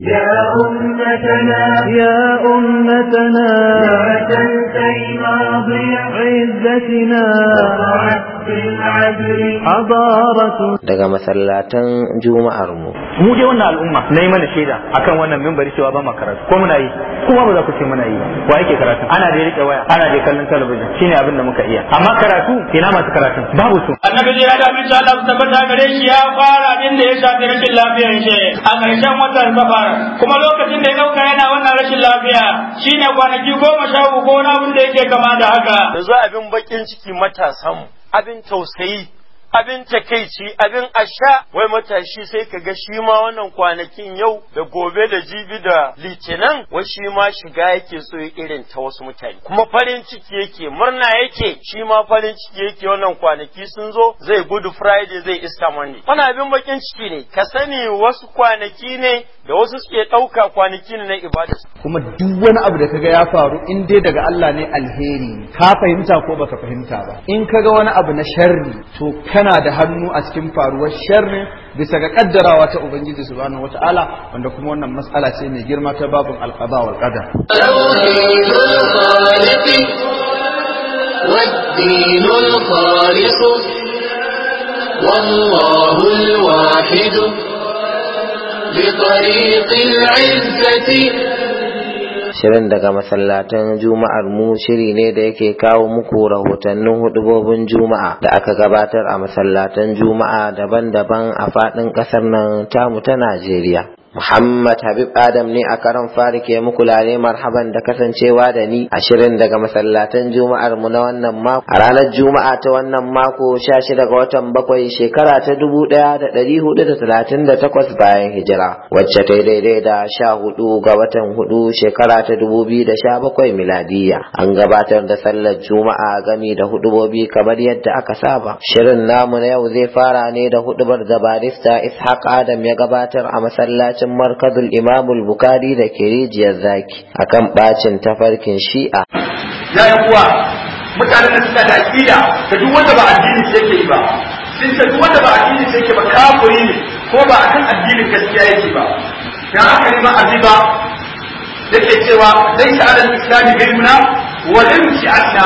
يا أمتنا يا أمتنا لا تنسي عزتنا وقعت العدل حضارة daga masallatan mu dai wannan al'umma na yi mana shaida akan wannan mimbari cewa ba makaratu karatu ko muna yi kuma ba za ku ce muna yi wa yake karatu ana da rike waya ana da kallon talabijin shine abin da muka iya amma karatu ina masu karatu babu su annabi ya da min sha Allah tabbata gare shi ya fara din da ya shafi rashin lafiyar shi a ƙarshen watan fara kuma lokacin da ya dauka yana wannan rashin lafiya shine kwanaki goma sha uku ko wani abin da yake kama da haka yanzu abin bakin ciki matasan abin tausayi abin takeici abin asha wai matashi sai ka ga shi ma wannan kwanakin yau da gobe da jibi da litinin wai shi ma shiga yake so ya irin ta wasu mutane kuma farin ciki yake murna yake shi ma farin ciki yake wannan kwanaki sun zo zai gudu friday zai iska monday wani abin bakin ciki ne ka sani wasu kwanaki ne da wasu suke ɗauka kwanaki ne na ibada kuma duk wani abu da kaga ya faru in dai daga Allah ne alheri ka fahimta ko baka fahimta ba in kaga wani abu na sharri to kana da hannu a cikin faruwar sharri bisa ga kaddarawa ta ubangiji subhanahu wataala wanda kuma wannan matsala ce mai girma ta babun alqada wal qadar والله الواحد ashirin daga masallatan juma'ar mu shiri ne da yake kawo muku rahotannin hudubobin juma'a da aka gabatar a masallatan juma'a daban-daban a faɗin ƙasar nan tamu ta najeriya Muhammad Habib Adam ne a karon farike muku lale marhaban da kasancewa da ni ashirin daga masallatan Juma'ar mu na wannan mako. A ranar Juma'a ta wannan mako 16 ga watan bakwai shekara ta 1438 bayan hijira wacce ta daidai da 14 ga watan 4 shekara ta 2017 miladiya. An gabatar da sallar Juma'a gami da hudubobi kamar yadda aka saba. Shirin namu na yau zai fara ne da hudubar da barista Ishaq Adam ya gabatar a masallacin masallacin markazul imamul bukari da ke rijiyar zaki akan bacin tafarkin shi'a ya kuwa mutanen da suka da aƙida da duk wanda ba addini yake yi ba sun ce duk wanda ba addini yake ba kafiri ne ko ba akan addinin gaskiya yake ba Da haka ne ma da ke cewa dai ta'ala islami ilmuna wa lam shi'atna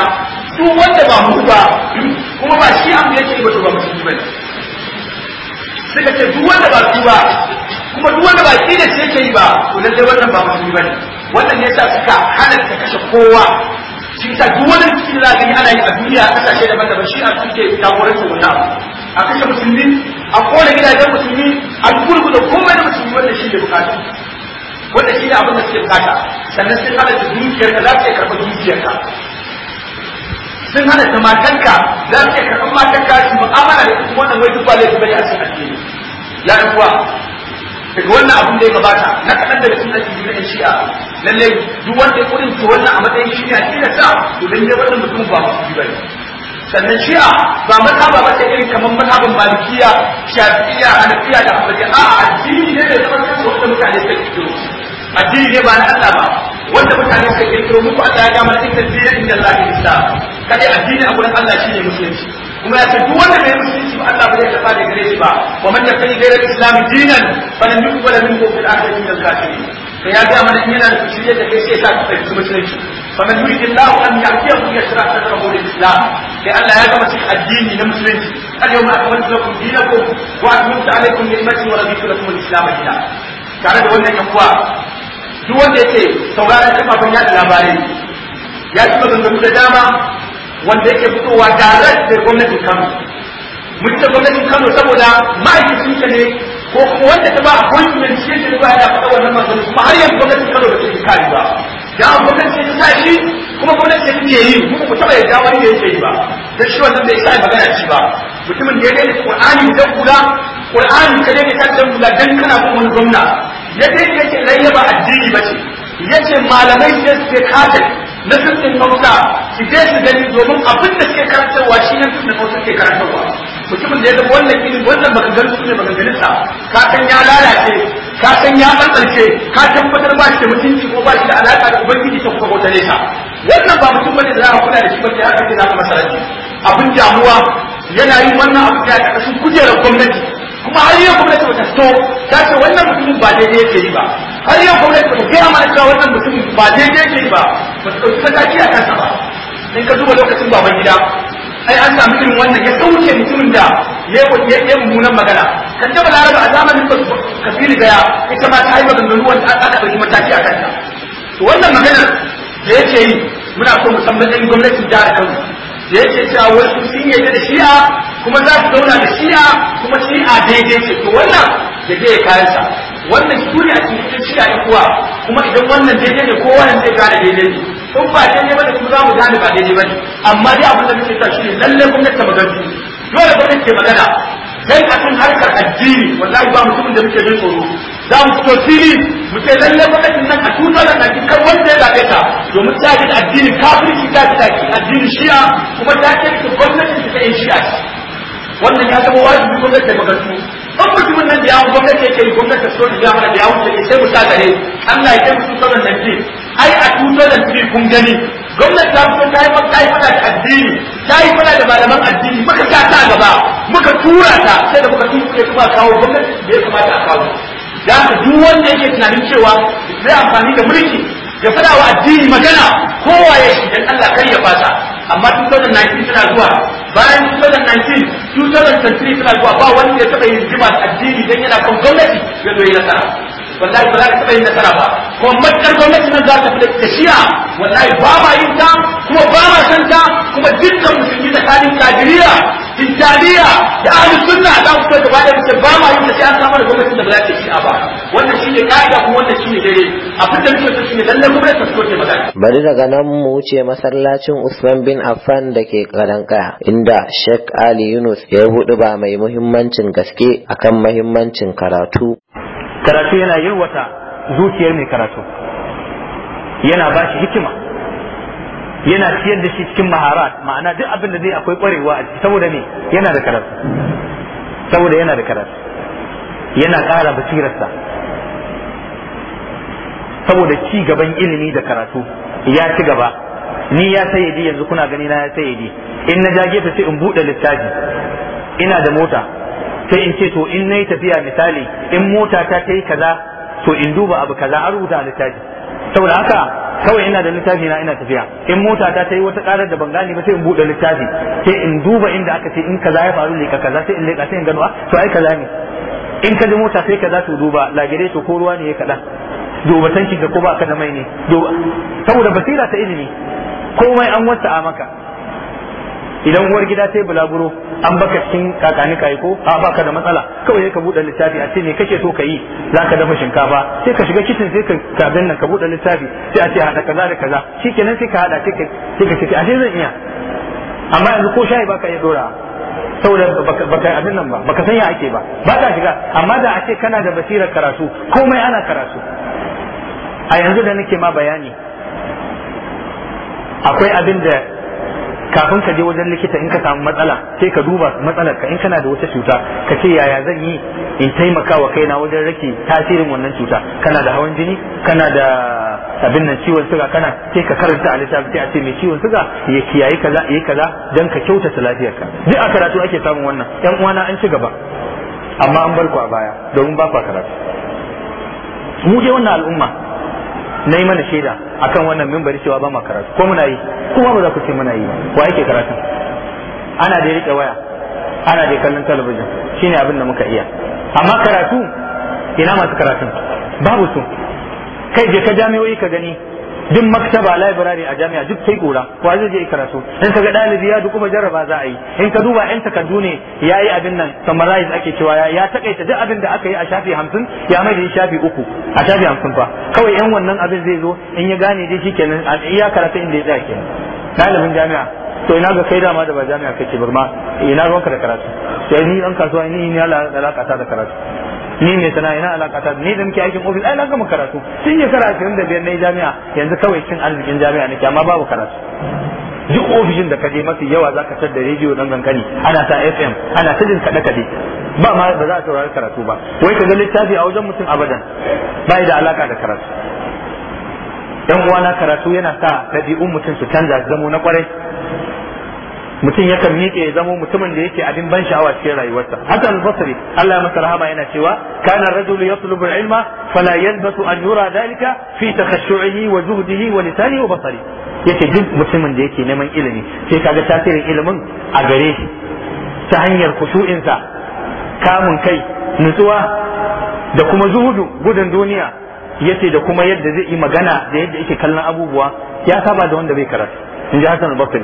duk wanda ba mu ba kuma ba shi an yake ba to ba musulmi bane suka ce duk wanda ba su ba kuma duk wanda ba kida ce yake yi ba to lalle wannan ba musulmi bane wannan ne yasa suka ta kashe kowa shi yasa duk wanda cikin za gani ana yi a duniya a kasashe daban-daban shi a suke su wannan a kashe musulmi a kone gidajen musulmi a da komai da musulmi wannan shi ne bukata wanda shi ne abin da suke bukata sannan sun halatta dukiyarka za su iya karɓar dukiyarka sun hana ta matanka za su iya karɓar matanka su mu'amala da ita wannan wai duk ba laifi bane a cikin addini ya daga wannan abun da ya gabata na kaɗan daga cikin addini na shi'a lallai duk wanda kudin su wannan a matsayin shi'a ina sa to dan ya wannan mutum ba musulmi bane sannan shi'a ba mazhaba ba ta irin kamar mazhaban malikiya shafi'iyya hanafiya da hanbali a addini ne da zaman kansa wanda mutane suka kirkiro addini ne ba na Allah ba wanda mutane suka kirkiro muku Allah ya ga mana ikon dinin da Allah ya sa, kada addini a gurin Allah shine musulunci kuma ya ce wanda mai musulunci ba Allah bai karba da gare shi ba wa man da kai al-islam dinan falan yuqbala minhu fil akhirati min al-kafirin to ya ga mana yana da shirye da kai sai ya ka fahimci musulunci man yuridu Allah an yahdiyahu yasra sadrahu lil-islam sai Allah ya gama cikin addini na musulunci al-yawma akmaltu lakum dinakum wa atmamtu alaykum ni'mati wa raditu lakum al-islam dinan tare da wannan yankuwa uwa duk wanda yake saurara kafafan yada labarai ya ci maganganu da dama wanda yake fitowa tare da gwamnatin Kano mun ta gwamnatin Kano saboda ma'aikacin ka ne ko kuma wanda ta ba appointment shi ne ba ya faɗa wannan magana kuma har yanzu gwamnatin Kano ba ta yi kari ba da gwamnati ta shi kuma gwamnati ta ke yi mu ku taba yadda wani da yake yi ba dan shi wannan bai sa magana shi ba mutumin da ya daina Qur'ani da kula Qur'ani ka daina ta da kula dan kana kuma wani gwamna ya daina yake layyaba addini ba ce. Ya ce malamai sai suke kafir na sassin hausa su je su gani domin abin da suke karantarwa shi ne da hausa suke karantarwa mutumin da ya zama wannan gini wannan baka gani su ne sa ka san ya lalace ka san ya tsantsance ka tabbatar ba shi da mutunci ko ba shi da alaƙa da ubangiji ta kuka bauta nesa wannan ba mutum bane da za a kula da shi ba sai haka ce za ka masa abin damuwa yana yin wannan abu ta ƙarƙashin kujerar gwamnati kuma har yau gwamnati ba ta so ta ce wannan mutumin ba daidai yake yi ba har yau gwamnati da ta gaya mana cewa wannan mutum ba daidai ke ba ba ta ɗauki mataki a kansa ba in ka duba lokacin baban gida ai an samu irin wannan ya sauke mutumin da ya yi mummunan magana kan da laraba a zamanin kafiri gaya ita ma ta yi maganganu wanda aka ɗauki mataki a kanta to wannan maganar da yake yi muna so musamman ɗan gwamnatin a kano da yake cewa wasu sun yadda da shi'a kuma za su zauna da shi'a kuma shi'a daidai ce to wannan da zai kayansa wannan duniya a cikin cikin kuwa kuma idan wannan daidai ne kowa ne zai gane daidai ne in ba daidai ba ne kuma za mu gane ba daidai ba ne amma dai abin da muke sa shi ne lallai gwamnati ta magana dole gwamnati ke magana dan cikin harkar addini wallahi ba mutumin da muke jin tsoro za mu fito fili mu ce lallai gwamnatin nan a tutar da kaki kar wanda ya zaɓe ta domin ta ji addini kafirci ta ji addini shi'a kuma ta ce gwamnatin ta yan shi'a wannan ya zama wajibi gwamnati ta magana in mutumin nan da ya gwamnati yake yi gwamnati so da jama'a da ya wuce sai mu sa gare Allah ya kai mu tutar nan ai a tuto da kun gani gwamnati ta fito ta yi fada da addini ta yi fada da malaman addini muka ta ta gaba muka tura ta sai da muka tuke kuma kawo gwamnati da ya kamata a kawo ya ka duk wanda yake tunanin cewa zai amfani da mulki ya fada wa addini magana kowa ya shi dan Allah kar ya fasa amma 2019 suna zuwa bayan 2019 2023 suna zuwa ba wanda ya taba yin jima addini dan yana kan gwamnati ya zo yi nasara wallahi ba za ka taba yin nasara ba kuma matsar gwamnati nan za ta fi da shiya wallahi ba ma yin ta kuma ba ma jariya da ahli sunna da su gaba da ba ma yin sai an samu da gwamnati da ba za ta a ba wannan shine kaida kuma wannan shine dare a fitar da su so shine lalle gwamnati ta so ta magana bari daga nan mu wuce masallacin Usman bin Affan da ke Kadankaya inda Sheikh Ali Yunus ya hudu ba mai muhimmancin gaske akan muhimmancin karatu karatu yana yiwata zuciyar mai karatu yana ba shi hikima yana ciyar da shi cikin maharat ma'ana duk abin da zai akwai kwarewa a ciki saboda me yana da karatu saboda yana da karatu yana ƙara basirarsa saboda ci gaban ilimi da karatu ya ci gaba ni ya sayyadi yanzu kuna gani na ya sayyadi in na ja gefe sai in buɗe littafi ina da mota sai in ce to in nayi tafiya misali in mota ta ta kaza to in duba abu kaza an rubuta a littafi saboda haka kawai ina da littafi na ina tafiya in mota ta ta yi wata karar da ban gane ba sai in bude littafi sai in duba inda aka ce in kaza ya faru leka kaza sai in leka sai in gano ah, to ai kaza ne in ka ji mota sai kaza to duba lagire to ko ruwa ne ya kaɗan duba tankin ka ko ba ka da mai ne saboda basira ta ilimi komai an wasa maka idan uwar gida ta yi bulaguro an baka cikin kakani kai ko a baka da matsala kawai ka buɗe littafi a ce me kake so ka yi ka dafa shinkafa sai ka shiga kicin sai ka kabin nan ka buɗe littafi sai a ce hada kaza da kaza shikenan sai ka hada sai ka sai a ce zan iya amma yanzu ko shayi baka iya dora saboda baka abin nan ba baka san ya ake ba ba ka shiga amma da a ce kana da basirar karatu komai ana karatu a yanzu da nake ma bayani akwai abin da kafin ka je wajen likita in ka samu matsala sai ka duba matsalar ka in kana da wata cuta ka ce yaya zan yi in taimaka wa kaina wajen rake tasirin wannan cuta kana da hawan jini kana da abin nan ciwon suga kana sai ka karanta a littafi sai a ce mai ciwon suga ya kiyaye kaza ya kaza dan ka kyautata lafiyarka duk a karatu ake samun wannan yan uwana an ci gaba amma an bar ku a baya domin ba ku karatu mu dai wannan al'umma na yi mana shaida akan wannan mimbari cewa ba ma karatu ko muna yi kuma ba za ku ce muna yi wa yake karatun ana da rike waya ana da kallon talabijin shine abin da muka iya amma karatu ina masu karatu babu su kai je ka jami'o'i ka gani duk maktaba library a jami'a duk sai kura wa zai je karatu in kaga dalibi ya duk jarraba za a yi in ka duba yan takardu ne yayi abin nan summarize ake cewa ya takaita duk abin da aka yi a shafi 50 ya mai da shafi uku a shafi 50 fa kawai yan wannan abin zai zo in ya gane dai shikenan iya karatu inda ya tsaya kenan dalibin jami'a to ina ga kai dama da ba jami'a kake burma ina ruwanka da karatu sai ni an kasuwa ni ina alaka ta da karatu ni mai sana ina alaka ta ni da muke aikin ofis ai na gama karatu tun da biyar na jami'a yanzu kawai cin arzikin jami'a ne amma babu karatu duk ofishin da ka je mafi yawa za ka tar da rediyo dan kankani ana ta fm ana ta jin kaɗe kaɗe ba ma ba za a saurari karatu ba wai ka ga littafi a wajen mutum abadan ba da alaka da karatu yan uwana karatu yana sa ɗabi'un mutum su canza zamo na kwarai mutum ya kan miƙe ya zamo mutumin da yake abin ban sha'awa cikin rayuwarsa hasan al-basri Allah ya masa rahama yana cewa kana ar-rajulu yatlubu al-ilma fala yalbasu an yura dalika fi takashshu'ihi wa zuhdihi wa lisani wa basari yake duk mutumin da yake neman ilimi sai kaga tasirin ilimin a gare shi ta hanyar kusu'insa kamun kai nutsuwa da kuma zuhudu gudun duniya yace da kuma yadda zai yi magana da yadda yake kallon abubuwa ya saba da wanda bai karatu in ji Hassan al-Basri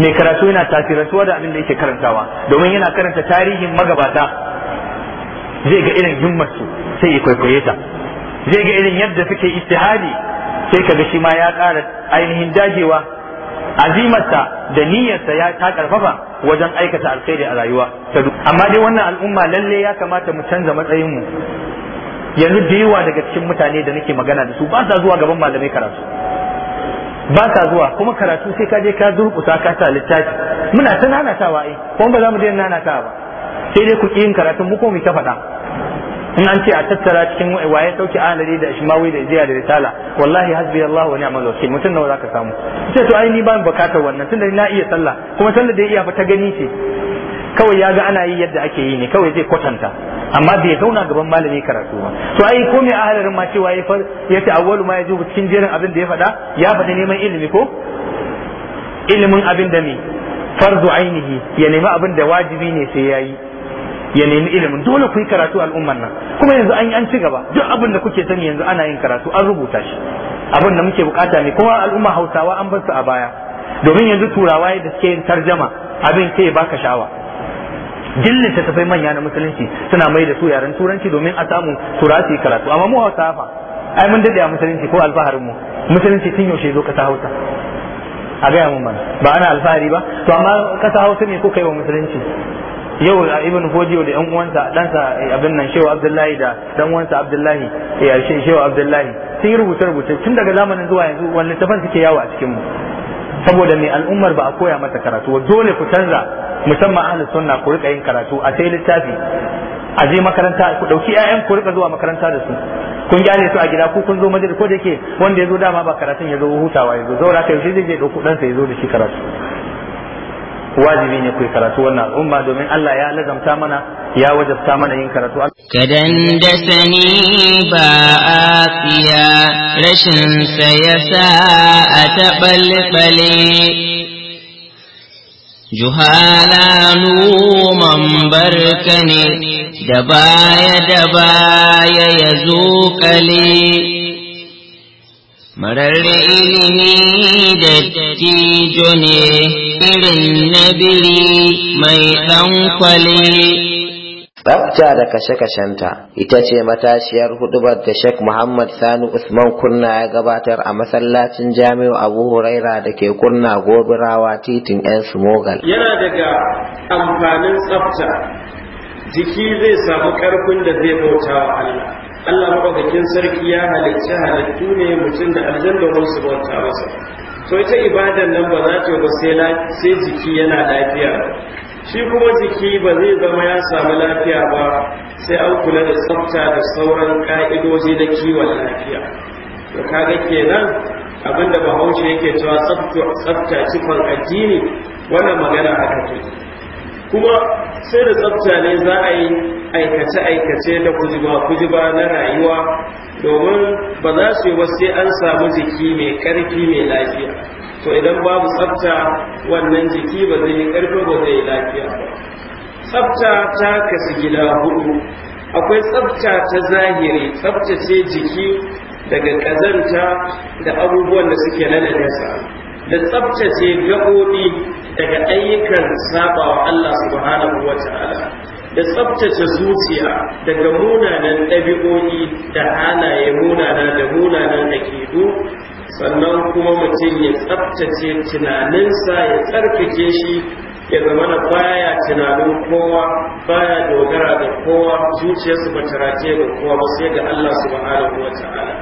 mai karatu yana tasirantuwa da abin da yake karantawa domin yana karanta tarihin magabata zai ga irin himmarsu sai ya kwaikwaye ta zai ga irin yadda suke istihadi sai ga shi ma ya ƙara ainihin dajewa azimarsa da niyyarsa ya ta karfafa wajen aikata alkhairi a rayuwa amma dai wannan al'umma lalle ya kamata mu canza matsayinmu yanzu da yawa daga cikin mutane da nake magana da su ba sa zuwa gaban malamai karatu ba ka zuwa kuma karatu sai ka je ka durkuta ka sa littafi muna ta nanatawa ai kuma ba za mu je nanata ba sai dai ku ki yin karatun mu ko mu ta faɗa in an ce a tattara cikin waye sauki alari da ishmawi da jiya da risala wallahi hasbi Allah wa ni'mal wakil mutum nawa zaka samu sai to ai ni mu bukatar wannan tunda na iya sallah kuma sallar da iya fa ta gani ce kawai ya ga ana yi yadda ake yi ne kawai zai kwatanta amma bai zauna gaban malami karatu ba to ai ko mai ahalarin ma cewa ya yace awwalu ma yajibu cikin jerin abin da ya fada ya faɗi neman ilimi ko ilimin abin da ne farzu ainihi ya nemi abin da wajibi ne sai yayi ya nemi ilimin dole ku yi karatu al'umman nan kuma yanzu an yi an ci gaba duk abin da kuke sani yanzu ana yin karatu an rubuta shi abin da muke bukata ne kuma al'umma hausawa an bar su a baya domin yanzu turawa da suke yin tarjama abin kai baka sha'awa dillin ta tafai manya na musulunci suna mai da su yaren turanci domin a samu turasi karatu amma mu hausa fa ai mun dade a musulunci ko alfaharin mu musulunci tun yaushe zo kasa hausa a gaya mun ba ba ana alfahari ba to amma kasa hausa ne ko kai wa musulunci yau a ibn fodiyo da yan uwansa ɗansa eh, abin nan shehu abdullahi da dan uwansa abdullahi ya eh, shehu abdullahi sun yi rubuce rubuce tun daga zamanin zuwa yanzu wani littafin suke yawo a cikin mu saboda mai al'ummar ba a koya mata karatu dole ku canza musamman ahli sunna ku rika yin karatu a sai littafi a je makaranta ku dauki 'ya'yan ku rika zuwa makaranta da su kun gyare su a gida ku kun zo majalis ko da yake wanda ya zo dama ba karatun ya zo hutawa ya zo zaura kai shi zai je dauko ɗansa ya zo da shi karatu wajibi ne ku karatu wannan umma domin Allah ya lazamta mana ya wajabta mana yin karatu kadan da sani ba a afiya rashin sa a tabalbale juhala numan barka ne da baya da baya ya zo kale mararre ilimi da tijo ne irin na biri mai ɗankwale tsafta da kashe-kashenta ita ce matashiyar hudubar da Sheikh Muhammad Sani Usman Kunna ya gabatar a masallacin Jami'u Abu Huraira da ke Kunna Gobirawa titin 'yan Sumogal. Yana daga amfanin tsafta, jiki zai samu ƙarfin da zai bauta wa Allah. Allah maɗaukakin sarki ya halicci halittu ne mutum da aljanda domin su bauta masa to ita ibadan nan ba za ta ba sai jiki yana lafiya shi kuma jiki ba zai zama ya samu lafiya ba sai an kula da tsafta da sauran ka'idoji da kiwon lafiya to kaga kenan abinda bahaushe yake cewa tsafta cikon addini wannan magana haka take kuma sai da tsafta ne za a yi aikace-aikace da kujiba-kujiba na rayuwa domin ba za su yi ba sai an samu jiki mai ƙarfi mai lafiya to idan babu tsafta wannan jiki ba zai yi ƙarfi ba zai yi lafiya tsafta ta kasu gida hudu akwai tsafta ta zahiri tsaftace jiki daga ƙazanta da abubuwan da suke na nasa da tsaftace gaɓoɓi daga ayyukan sabawa Allah subhanahu wa ta'ala da tsabtace zuciya daga munanan ɗabi'o'i da halaye munana da munanan aƙidu sannan kuma mutum ya tsabtace tunaninsa ya tsarkake shi ya zama na baya tunanin kowa baya dogara da kowa zuciyarsa ba ta ga kowa ba sai ga Allah subhanahu wa ta'ala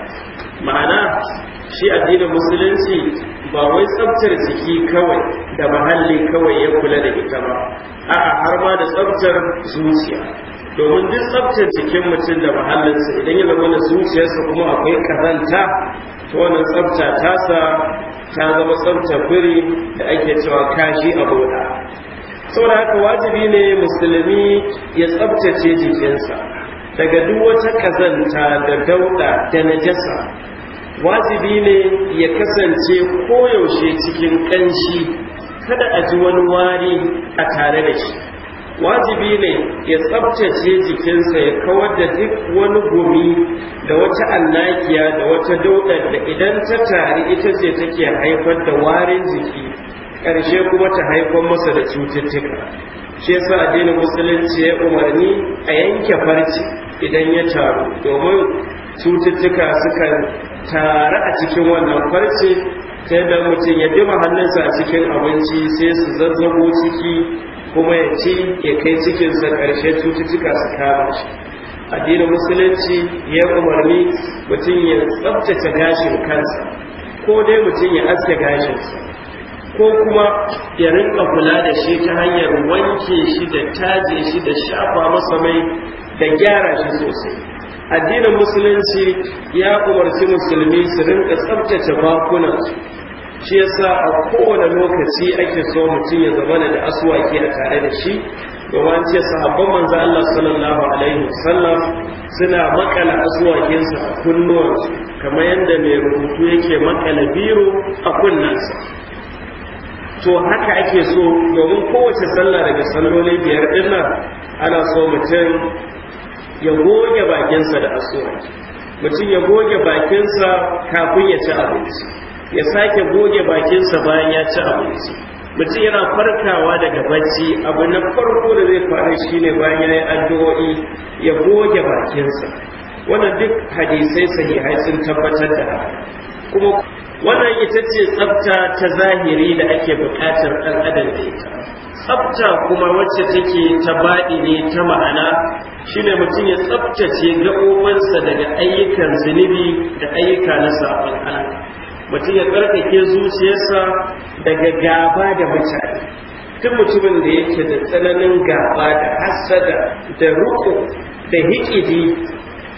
ma'ana shi addinin musulunci ba wai tsabtar jiki kawai da mahalli kawai ya kula da ita ba a'a har ma da tsabtar zuciya domin duk tsabtar jikin mutum da mahallinsa idan ya zama da zuciyarsa kuma akwai karanta, to wannan tsabta tasa ta zama tsaftar biri da ake cewa kashi a boda da haka wajibi ne musulmi ya tsabtace jikinsa daga duk wata kazanta da dauda da najasa wajibi ne ya kasance koyaushe cikin kanshi kada a ji wani wari a tare da shi wajibi ne ya tsabtace jikinsa ya kawar da duk wani gumi da wata annakiya da wata daudar da idan ta tari ita ce take haifar da warin jiki ƙarshe kuma ta haifar masa da cututtuka shi yasa addinin musulunci ya umarni a yanke farci idan ya taru domin cututtuka sukan tare a cikin wannan farce ta yadda mutum ya dima mahallinsa a cikin abinci sai su zazzabo ciki kuma ya ci ya kai cikinsa ƙarshe cututtuka su kama shi addinin musulunci ya umarni mutum ya tsabtace gashin kansa ko dai mutum ya aske gashinsa ko kuma ya rinka kula da shi ta hanyar wanke shi da taje shi da shafa masa mai da gyara shi sosai addinin musulunci ya umarci musulmi su rinka tsabtace bakunan shi yasa a kowane lokaci ake so mutum ya zama da aswaki a tare da shi domin ce sahabban manzo Allah sallallahu alaihi wasallam suna makala aswakinsa a kunnuwansu kamar yadda mai rubutu yake makala biro a kunnansa to haka ake so domin kowace sallah daga salloli biyar dinnan ana so mutum ya goge bakinsa da asuwa mutum ya goge bakinsa kafin ya ci abinci ya sake goge bakinsa bayan ya ci abinci mutum yana farkawa daga bacci abu na farko da zai fara shi ne bayan ya yi addu'o'i ya goge bakinsa wannan duk hadisai sahihai sun tabbatar da kuma wannan ita ce tsafta ta zahiri da ake buƙatar ɗan adam da ita tsafta kuma wacce take ta baɗi ne ta ma'ana shine mutum ya tsaftace gaɓoɓinsa daga ayyukan zunubi da ayyuka na saɓon Allah mutum ya tsarkake zuciyarsa daga gaba da mutane duk mutumin da yake da tsananin gaba da hassada da ruku da hikidi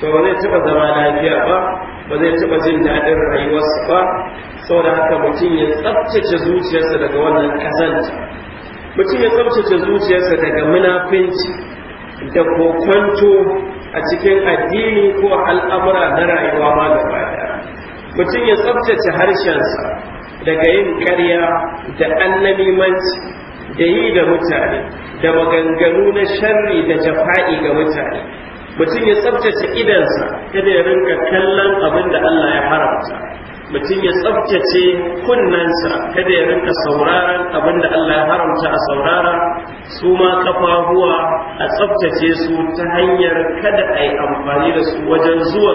to ba zai taɓa zama lafiya ba ba zai taɓa jin daɗin rayuwarsa ba saboda haka mutum ya tsabtace zuciyarsa daga wannan ƙazanta mutum ya tsabtace zuciyarsa daga munafinci da kokwanto a cikin addini ko al'amura na rayuwa ma da baya mutum ya tsabtace harshensa daga yin karya da annamimanci da yi da mutane da maganganu na sharri da jafa'i ga mutane mutum ya tsabtace idansa kada ya rinka kallon abin da Allah ya haramta mutum ya tsabtace kunnensa kada ya rinka sauraron abin da Allah ya haramta a saurara su ma kafafuwa a tsabtace su ta hanyar kada a yi amfani da su wajen zuwa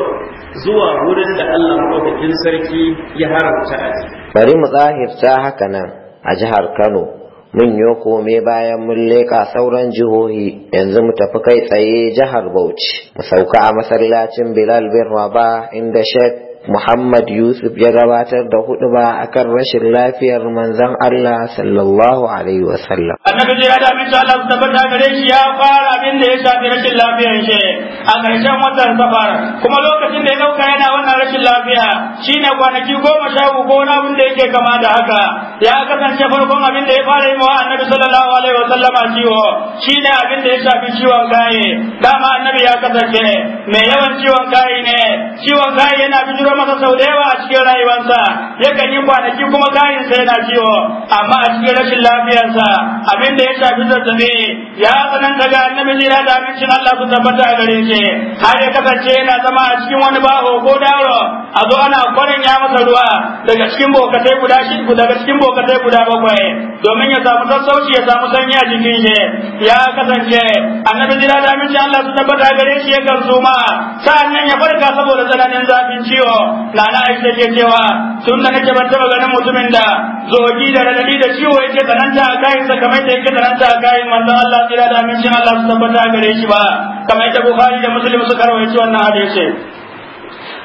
zuwa wurin da Allah maɗaukakin sarki ya haramta a bari mu tsahirta haka nan a jihar Kano mun yo kome bayan mun leƙa sauran jihohi yanzu mu tafi kai tsaye jihar bauchi mu sauka a masallacin bilal bin rabah inda sheikh Muhammad Yusuf ya gabatar da hudu ba akan rashin lafiyar manzon Allah sallallahu alaihi wasallam. Annabi ya da min Allah su tabbata gare shi ya fara abin da ya shafi rashin lafiyar shi a ƙarshen watan safar kuma lokacin da ya ɗauka yana wannan rashin lafiya shine kwanaki goma sha uku ko abin da yake kama da haka ya kasance farkon abin da ya fara yi wa Annabi sallallahu alaihi wa a ciwo shine abin da ya shafi ciwon gaye dama Annabi ya kasance mai yawan ciwon gaye ne ciwon gaye yana bijiro masa sau da yawa a cikin rayuwarsa ya kan yi kwanaki kuma kayan sa yana ciwo amma a cikin rashin lafiyarsa abin da ya shafi zazzabi ya tsananta ga annabi jira da abincin Allah su tabbata a gare shi har ya kasance yana zama a cikin wani baho ko daro a zo ana kwarin ya masa ruwa daga cikin bokatai guda shi daga cikin bokatai guda bakwai domin ya samu sassauci ya samu sanyi a jikin shi ya kasance annabi jira da abincin Allah su tabbata a gare shi ya yakan suma sa'annan ya farka saboda tsananin zafin ciwo nana aisha ke cewa tun da nake ban taba ganin mutumin da zogi da radadi da ciwo yake tsananta a kayan sa kamar da yake tsananta a kayan manzon Allah tsira da amincin Allah su tabbata gare shi ba kamar da Bukhari da Muslim suka rawaito wannan hadisi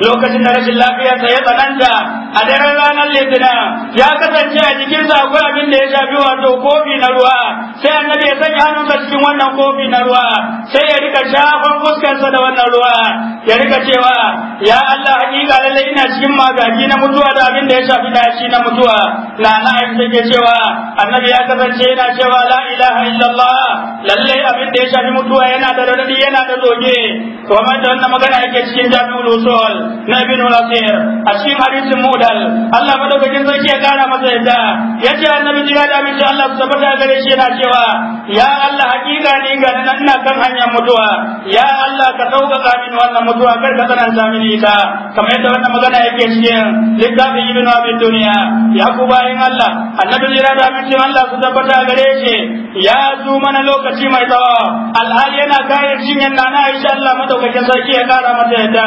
lokacin da rashin ta ya tsananta a daren ranar litinin ya kasance a sa akwai abin da ya shafi wato kofi na ruwa sai annabi ya sanya hannunsa cikin wannan kofi na ruwa sai ya rika shafan fuskarsa da wannan ruwa ya rika cewa ya Allah hakika lallai ina cikin magaji na mutuwa da abin da ya shafi dashi na mutuwa na na aisha ke cewa annabi ya kasance yana cewa la ilaha illallah lalle abin da ya shafi mutuwa yana da radadi yana da doge kuma da wannan magana yake cikin jami'ul usul na bin wasir a cikin hadisin mudal Allah madaukakin sarki ya kara masa yadda yace annabi jira da amince Allah su tabbata gare shi yana cewa ya Allah hakika ni ga nan ina kan hanyar mutuwa ya Allah ka sauƙaƙa min wannan mutuwa kar ka tsananta mini ita kamar yadda wannan magana yake cikin littafin ibn abi duniya ya ku bayin Allah annabi jira da amince Allah su tabbata gare shi ya zo mana lokaci mai tsawa alhali yana kayan cinyar na na Aisha Allah madaukakin sarki ya kara masa yadda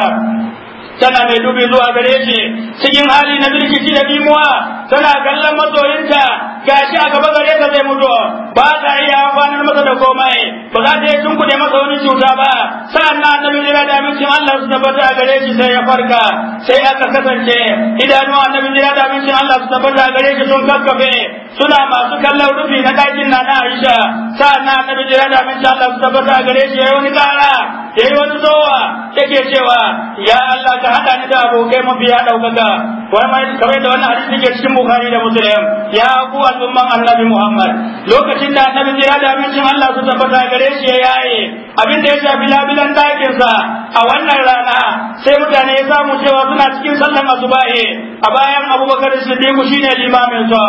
tana mai dubi zuwa gare shi cikin hali na birkici da bimuwa tana kallon masoyinta gashi a gaba gare ka zai mutu ba ta iya amfanar masa da komai ba za ta yi tunkuɗe masa wani cuta ba sa'an nan annabi jira da abincin Allah su tabbata a gare shi sai ya farka sai aka kasance idanu annabi jira da abincin Allah su tabbata a gare shi sun kakkafe suna masu kallon rufi na ɗakin na na Aisha sa'an nan annabi jira da abincin Allah su tabbata a gare shi ya yi wani ƙara ya yi wani zowa yake cewa ya Allah ka haɗa ni da abokai mafiya ɗaukaka wani mai kamar da wannan hadisi ke cikin Bukhari da Muslim ya kuwa. al'umman annabi Muhammad lokacin da annabi jira da abincin Allah su tabbata gare shi ya yaye abin da ya shafi labilan dakinsa a wannan rana sai mutane ya samu cewa suna cikin sallan azubahi a bayan abubakar siddiq shine limamin sa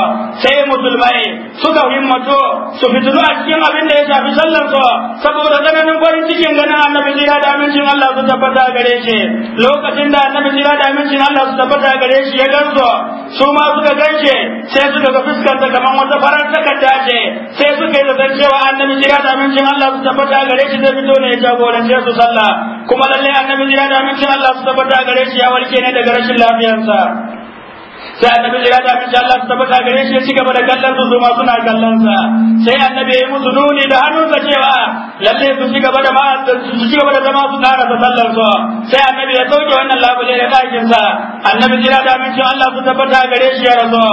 sai musulmai suka himmatu su fitulu a cikin abin da ya shafi sallan sa saboda tsananin farin cikin ganin annabi jira da abincin Allah su tabbata gare shi lokacin da annabi jira da abincin Allah su tabbata gare shi ya gansu su ma suka ganshe sai suka ga fuskar kaman wata farar takarda ce sai suka yi zaton cewa annabi jira da amincin Allah su tabbata gare shi zai fito ne ya jagorance su sallah kuma lalle annabi jira da amincin Allah su tabbata gare shi ya warke ne daga rashin lafiyarsa sai annabi ya da mishi Allah ta tabbata gare shi ya ci gaba da kallon su zuma suna kallon sa sai annabi ya yi musu nuni da hannunsa cewa lalle su ci gaba da ma su ci gaba da zama su tsara da sallar su sai annabi ya sauke wannan labule da dakin sa annabi ya da mishi Allah ta tabbata gare shi ya rasu.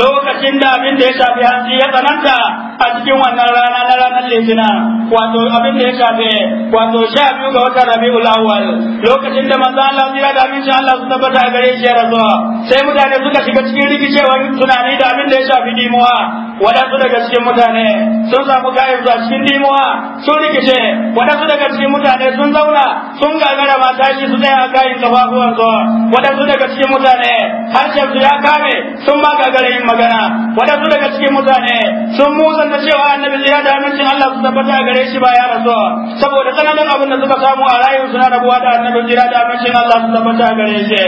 lokacin da abin da ya shafi hanci ya tsananta a cikin wannan rana na ranar litina wato abin da ya shafi wato sha biyu ga watan rabi'ul awwal lokacin da manzo Allah ya da mishi Allah ta tabbata gare shi ya rasu sai mutane suka shiga cikin rikicewan tunani da abin da ya shafi dimuwa wadansu daga cikin mutane sun samu kayan zuwa cikin dimuwa sun rikice wadansu daga cikin mutane sun zauna sun gagara ma tashi su tsaya a kayan kafafuwan zuwa wadansu daga cikin mutane harshen su ya kame sun ba gagara yin magana wadansu daga cikin mutane sun musanta cewa annabi ya da amincin Allah su tabbata a gare shi ba ya rasu saboda tsananin abin da suka samu a rayu suna rabuwa da annabi jira da amincin Allah su tabbata a gare shi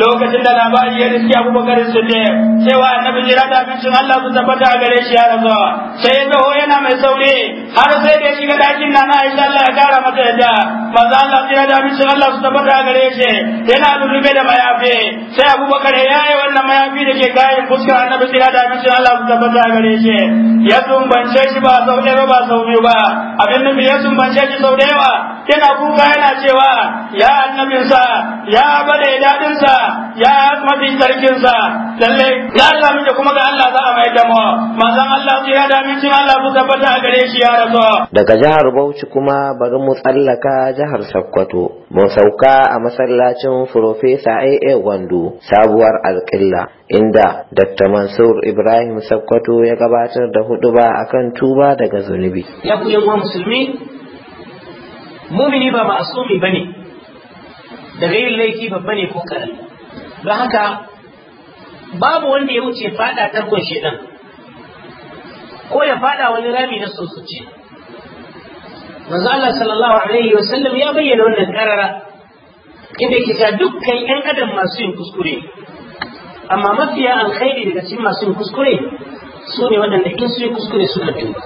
lokacin da labari ya riski abubakar siddiq cewa annabi jira da bincin Allah su tabbata a gare shi ya razawa sai ya zo yana mai sauri har sai da shiga dakin nana Aisha Allah ya kara mata yadda maza Allah jira da bincin Allah su tabbata a gare shi yana rurrube da mayafi sai Abubakar ya yi wannan mayafi da ke gayin fuskar annabi jira da bincin Allah su tabbata a gare shi ya tumbance shi ba sau ɗaya ba sau biyu ba abin nufi ya tumbance shi sau da yana kuka yana cewa ya annabinsa ya bade dadinsa ya mafi sarkinsa lalle ga Allah muke kuma ga Allah za a mai da mu manzon Allah ya da mu cin Allah ku tabbata gare shi ya rasu daga jihar Bauchi kuma bari mu tsallaka jihar Sokoto mu sauka a masallacin Professor AA Gwandu sabuwar alƙilla inda Dr. Mansur Ibrahim Sokoto ya gabatar da huduba akan tuba daga zunubi ya ku musulmi mumini ba ma'asumi bane daga yin laifi babba ne ko karami don haka babu wanda ya wuce fada tarkon ɗin, ko ya fada wani rami na sosuci manzo Allah sallallahu alaihi sallam ya bayyana wannan karara inda kisa dukkan ƴan adam masu yin kuskure amma mafiya alkhairi daga cikin masu yin kuskure su ne waɗanda in su yi kuskure suka tuba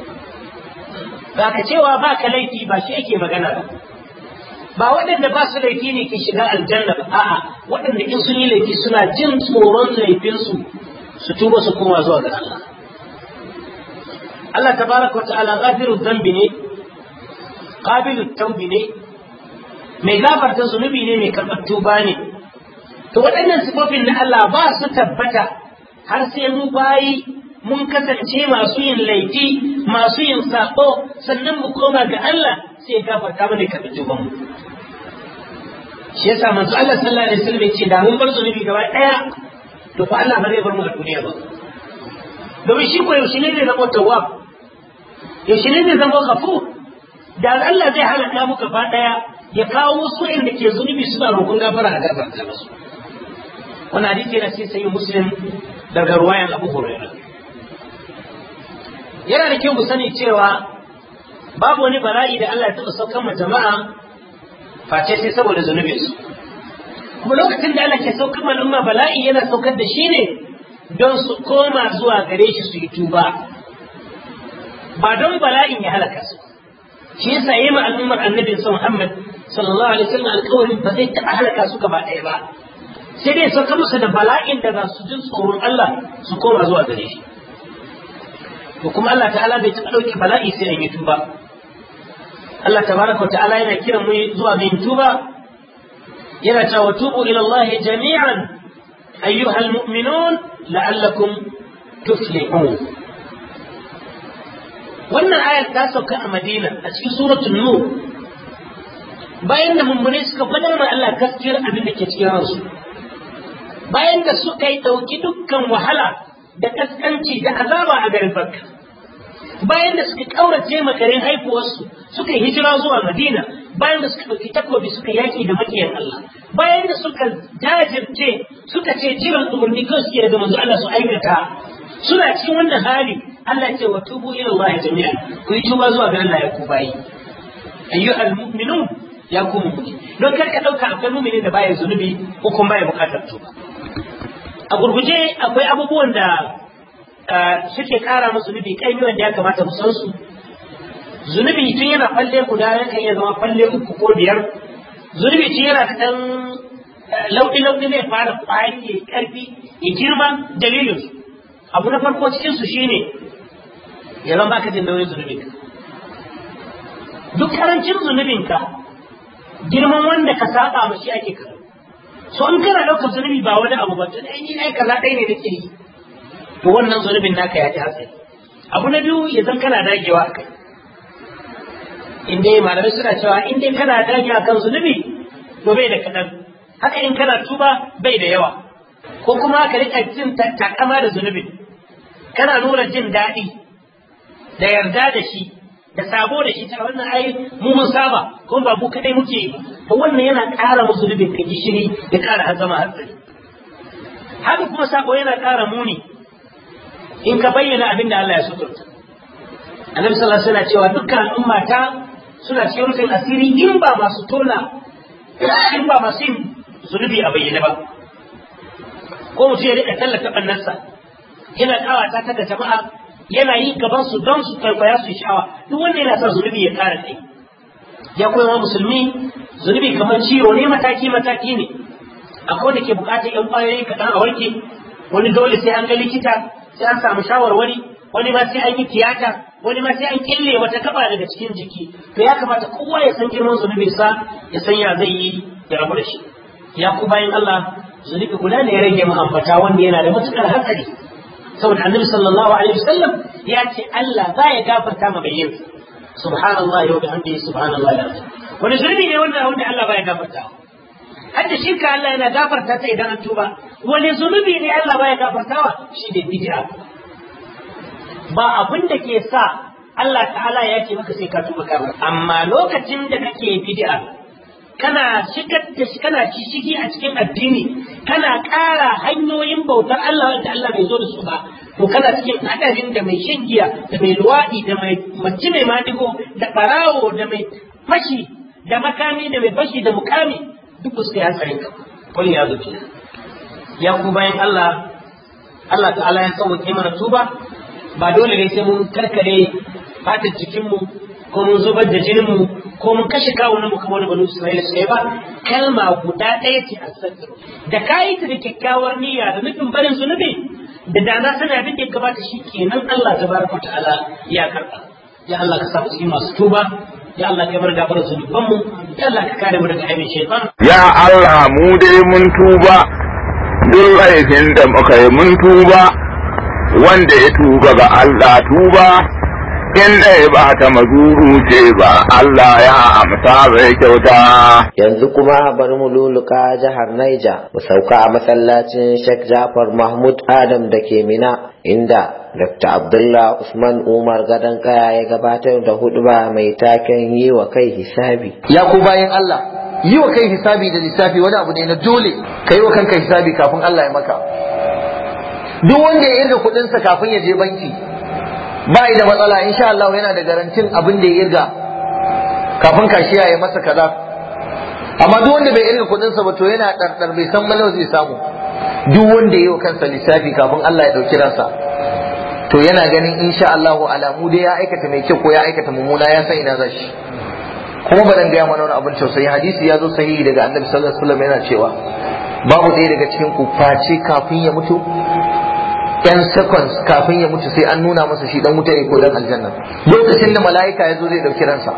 ba ka cewa ba ka laifi ba shi yake magana ba ba waɗanda ba su laifi ne ke shiga aljanna ba a'a waɗanda in sun yi laifi suna jin tsoron laifinsu su tuba su koma zuwa ga Allah Allah tabaraka wa ta'ala ghafiru dhanbi ne qabilu tawbi ne mai gafarta zunubi ne mai karɓar tuba ne to waɗannan sifofin na Allah ba su tabbata har sai mu bayi mun kasance masu yin laifi masu yin sako sannan mu koma ga Allah sai ya gafarta mana ka tuban mu shi yasa manzo Allah sallallahu alaihi wasallam yace da mun bar zunubi gaba daya to fa Allah ba zai bar mu a duniya ba domin shi ko yaushe ne zai zama tawwab yaushe ne zai zama ghafur da Allah zai halaka muka gaba daya ya kawo wasu inda ke zunubi suna roƙon gafara a gafarta musu wannan hadisi yana cikin sahih muslim daga ruwayan Abu Hurairah yana da kyau mu sani cewa babu wani bala'i da Allah ya taɓa saukan ma jama'a face sai saboda zunubin su kuma lokacin da Allah ke saukan ma al'umma bala'i yana saukar da shi ne don su koma zuwa gare shi su yi tuba ba don bala'in ya halaka su shi yasa yayi ma al'ummar annabin sa Muhammad sallallahu alaihi wasallam alƙawarin ba zai taɓa halaka su gaba ɗaya ba sai dai sauka musu da bala'in da za su jin tsoron Allah su koma zuwa gare shi to kuma Allah ta'ala bai taɓa ɗauki bala'i sai an yi tuba Allah tabaraka ta'ala yana kiran mu zuwa bin tuba yana cewa tubu ila Allah jami'an ayyuhal mu'minun la'allakum tuflihun wannan ayar ta sauka a Madina a cikin suratul Nur bayan da mummune suka faɗa ma Allah gaskiyar abin da ke cikin ransu bayan da suka yi ɗauki dukkan wahala da kaskanci da azaba a garin Makka bayan da suka kaurace makarin haifuwarsu suka yi hijira zuwa Madina bayan da suka ɗauki takobi suka yaki da makiyan Allah bayan da suka jajirce suka ce jiran umarni kawai suke daga manzo Allah su aikata suna cikin wannan hali Allah ce wa tubu ila Allah jami'an ku yi tuba zuwa ga Allah ya ku bayi ayyuhal mu'minun ya ku mu'mini don karka dauka akwai mu'minin da baya zunubi ko kuma baya bukatar tuba a gurguje akwai abubuwan da suke kara musu zunubi kaimi wanda ya kamata mu san su zunubi tun yana falle guda kan iya zama falle uku ko biyar zunubi tun yana da dan lauɗi-lauɗi ne fara ƙwari ya ƙarfi ya girma dalilin abu na farko cikin su shine ya zama ka jin nauyin ka. duk karancin zunubinka girman wanda ka saba mashi ake ka so an kana ɗaukar zunubi ba wani abu ba tun ni ai kaza ɗaya ne nake yi to wannan zunubin naka ya ci hatsari abu na biyu ya zan kana dagewa kai. in dai malamai suna cewa in dai kana dagewa kan zunubi to bai da kaɗan haka in kana tuba bai da yawa ko kuma ka riƙa jin takama da zunubin kana nuna jin daɗi da yarda da shi da sabo da ita wannan ai mu mun saba kuma ba mu kadai muke yi to wannan yana ƙara musu dubin da gishiri ya ƙara hazama hatsari haka kuma sabo yana ƙara muni in ka bayyana abin da Allah ya suturta annabi sallallahu alaihi wasallam cewa dukkan al'umma ta suna cikin rufin asiri in ba masu tona in ba masu yin zunubi a bayyana ba ko mutum ya rika tallata bannansa yana ƙawata ta da jama'a yana yi gaban su don su kwaikwaya su sha'awa duk wanda yana sa zunubi ya kara tsaye ya koyawa musulmi zunubi kamar ciwo ne mataki mataki ne akwai wanda ke bukatar yan kwayoyi kaɗan a warke wani dole sai an ga likita sai an samu shawarwari wani ma sai an yi tiyata wani ma sai an kille wata kaba daga cikin jiki to ya kamata kowa ya san girman zunubi sa ya san ya zai yi ya rabu da shi ya ku bayan Allah zunubi guda ne ya rage mu ambata wanda yana da matukar hatsari saboda annabi sallallahu alaihi wasallam ya ce Allah ba ya gafarta ma mai yin subhanallahi wa bihamdihi subhanallahi alazim wani zurbi ne wannan wanda Allah ba ya gafarta hadda shirka Allah yana gafarta ta idan an tuba wani zunubi ne Allah ba ya gafartawa shi da bid'a ba abin da ke sa Allah ta'ala ya ce maka sai ka tuba ka amma lokacin da kake bid'a kana shigar da shi kana shigi a cikin addini kana ƙara hanyoyin bautar Allah wanda Allah bai zo da su ba to kana cikin adadin da mai shan giya da mai luwaɗi da mai mace mai madigo da ɓarawo da mai fashi da makami da mai fashi da mukami duk su ya tsare ka kun ya zo ya ku bayan Allah Allah ta'ala ya sauke mana tuba ba dole ne sai mun karkare fatan mu ko mun zubar da mu ko mun kashe kawunanmu kamar wani banu Isra'ila sai ba kalma guda ɗaya ce a astaghfiru da kai ta da kyakkyawar niyya da nufin barin zunubi da dana sana abin da ya gabata shi kenan Allah tabaraka ta'ala ya karɓa ya Allah ka sa cikin masu tuba ya Allah ka bar gafarar mu ya Allah ka kare mu daga aibin shaytan ya Allah mu dai mun tuba duk laifin da muka yi mun tuba wanda ya tuba ga Allah tuba in dai ba ta mazuru ce ba Allah ya amsa bai kyauta. Yanzu kuma bari mu luluka jihar Niger. mu sauka a masallacin Sheikh Jafar Mahmud Adam da ke Mina inda Dr. Abdullah Usman Umar gadon kaya ya gabatar da hudba mai taken yi wa kai hisabi. Ya ku bayan Allah yi wa kai hisabi da lissafi wani abu ne na dole ka yi wa kanka hisabi kafin Allah ya maka. Duk wanda ya irga kudinsa kafin ya je banki ba da matsala insha Allah yana da garantin abin da ya irga kafin kashiya ya masa kaza amma duk wanda bai irga kudin sa ba to yana ɗarɗar bai san nawa zai samu duk wanda ya yi kansa lissafi kafin Allah ya dauki ransa to yana ganin insha Allah alamu dai ya aikata mai kyau ko ya aikata mummuna ya san ina zashi kuma ba dan gaya mana wani abin tausayi hadisi ya zo sahihi daga Annabi sallallahu alaihi wasallam yana cewa babu ɗaya daga cikin ku face kafin ya mutu yan seconds kafin ya mutu sai an nuna masa shi dan wuta ne ko dan aljanna lokacin da mala'ika ya zo zai dauki ransa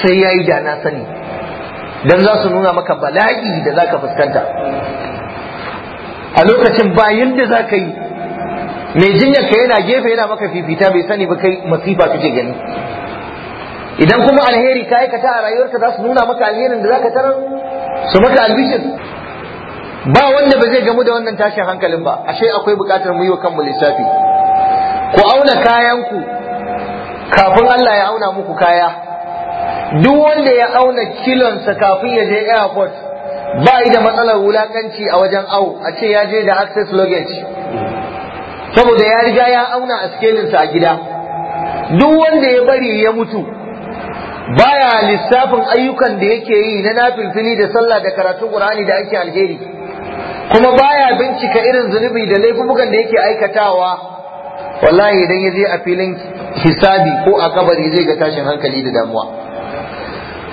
sai ya yi na sani dan za su nuna maka bala'i da zaka fuskanta a lokacin bayan da zaka yi mai jinyar ka yana gefe yana maka fifita bai sani ba kai masifa kake gani idan kuma alheri ka aikata a rayuwarka za su nuna maka alherin da zaka tarar su maka albishir ba wanda ba zai gamu da wannan tashin hankalin ba ashe akwai bukatar mu yi wa kanmu lissafi ku auna kayanku kafin Allah ya auna muku kaya duk wanda ya auna kilonsa kafin ya je airport ba yi da matsalar wulakanci a wajen au a ce ya je da access luggage saboda ya riga ya auna a skelinsa a gida duk wanda ya bari ya mutu baya lissafin ayyukan da yake yi na nafilfili da sallah da karatun Qur'ani da ake alheri kuma baya bincika irin zunubi da laifukan da yake aikatawa wallahi idan ya je a filin hisabi ko a kabari zai ga tashin hankali da damuwa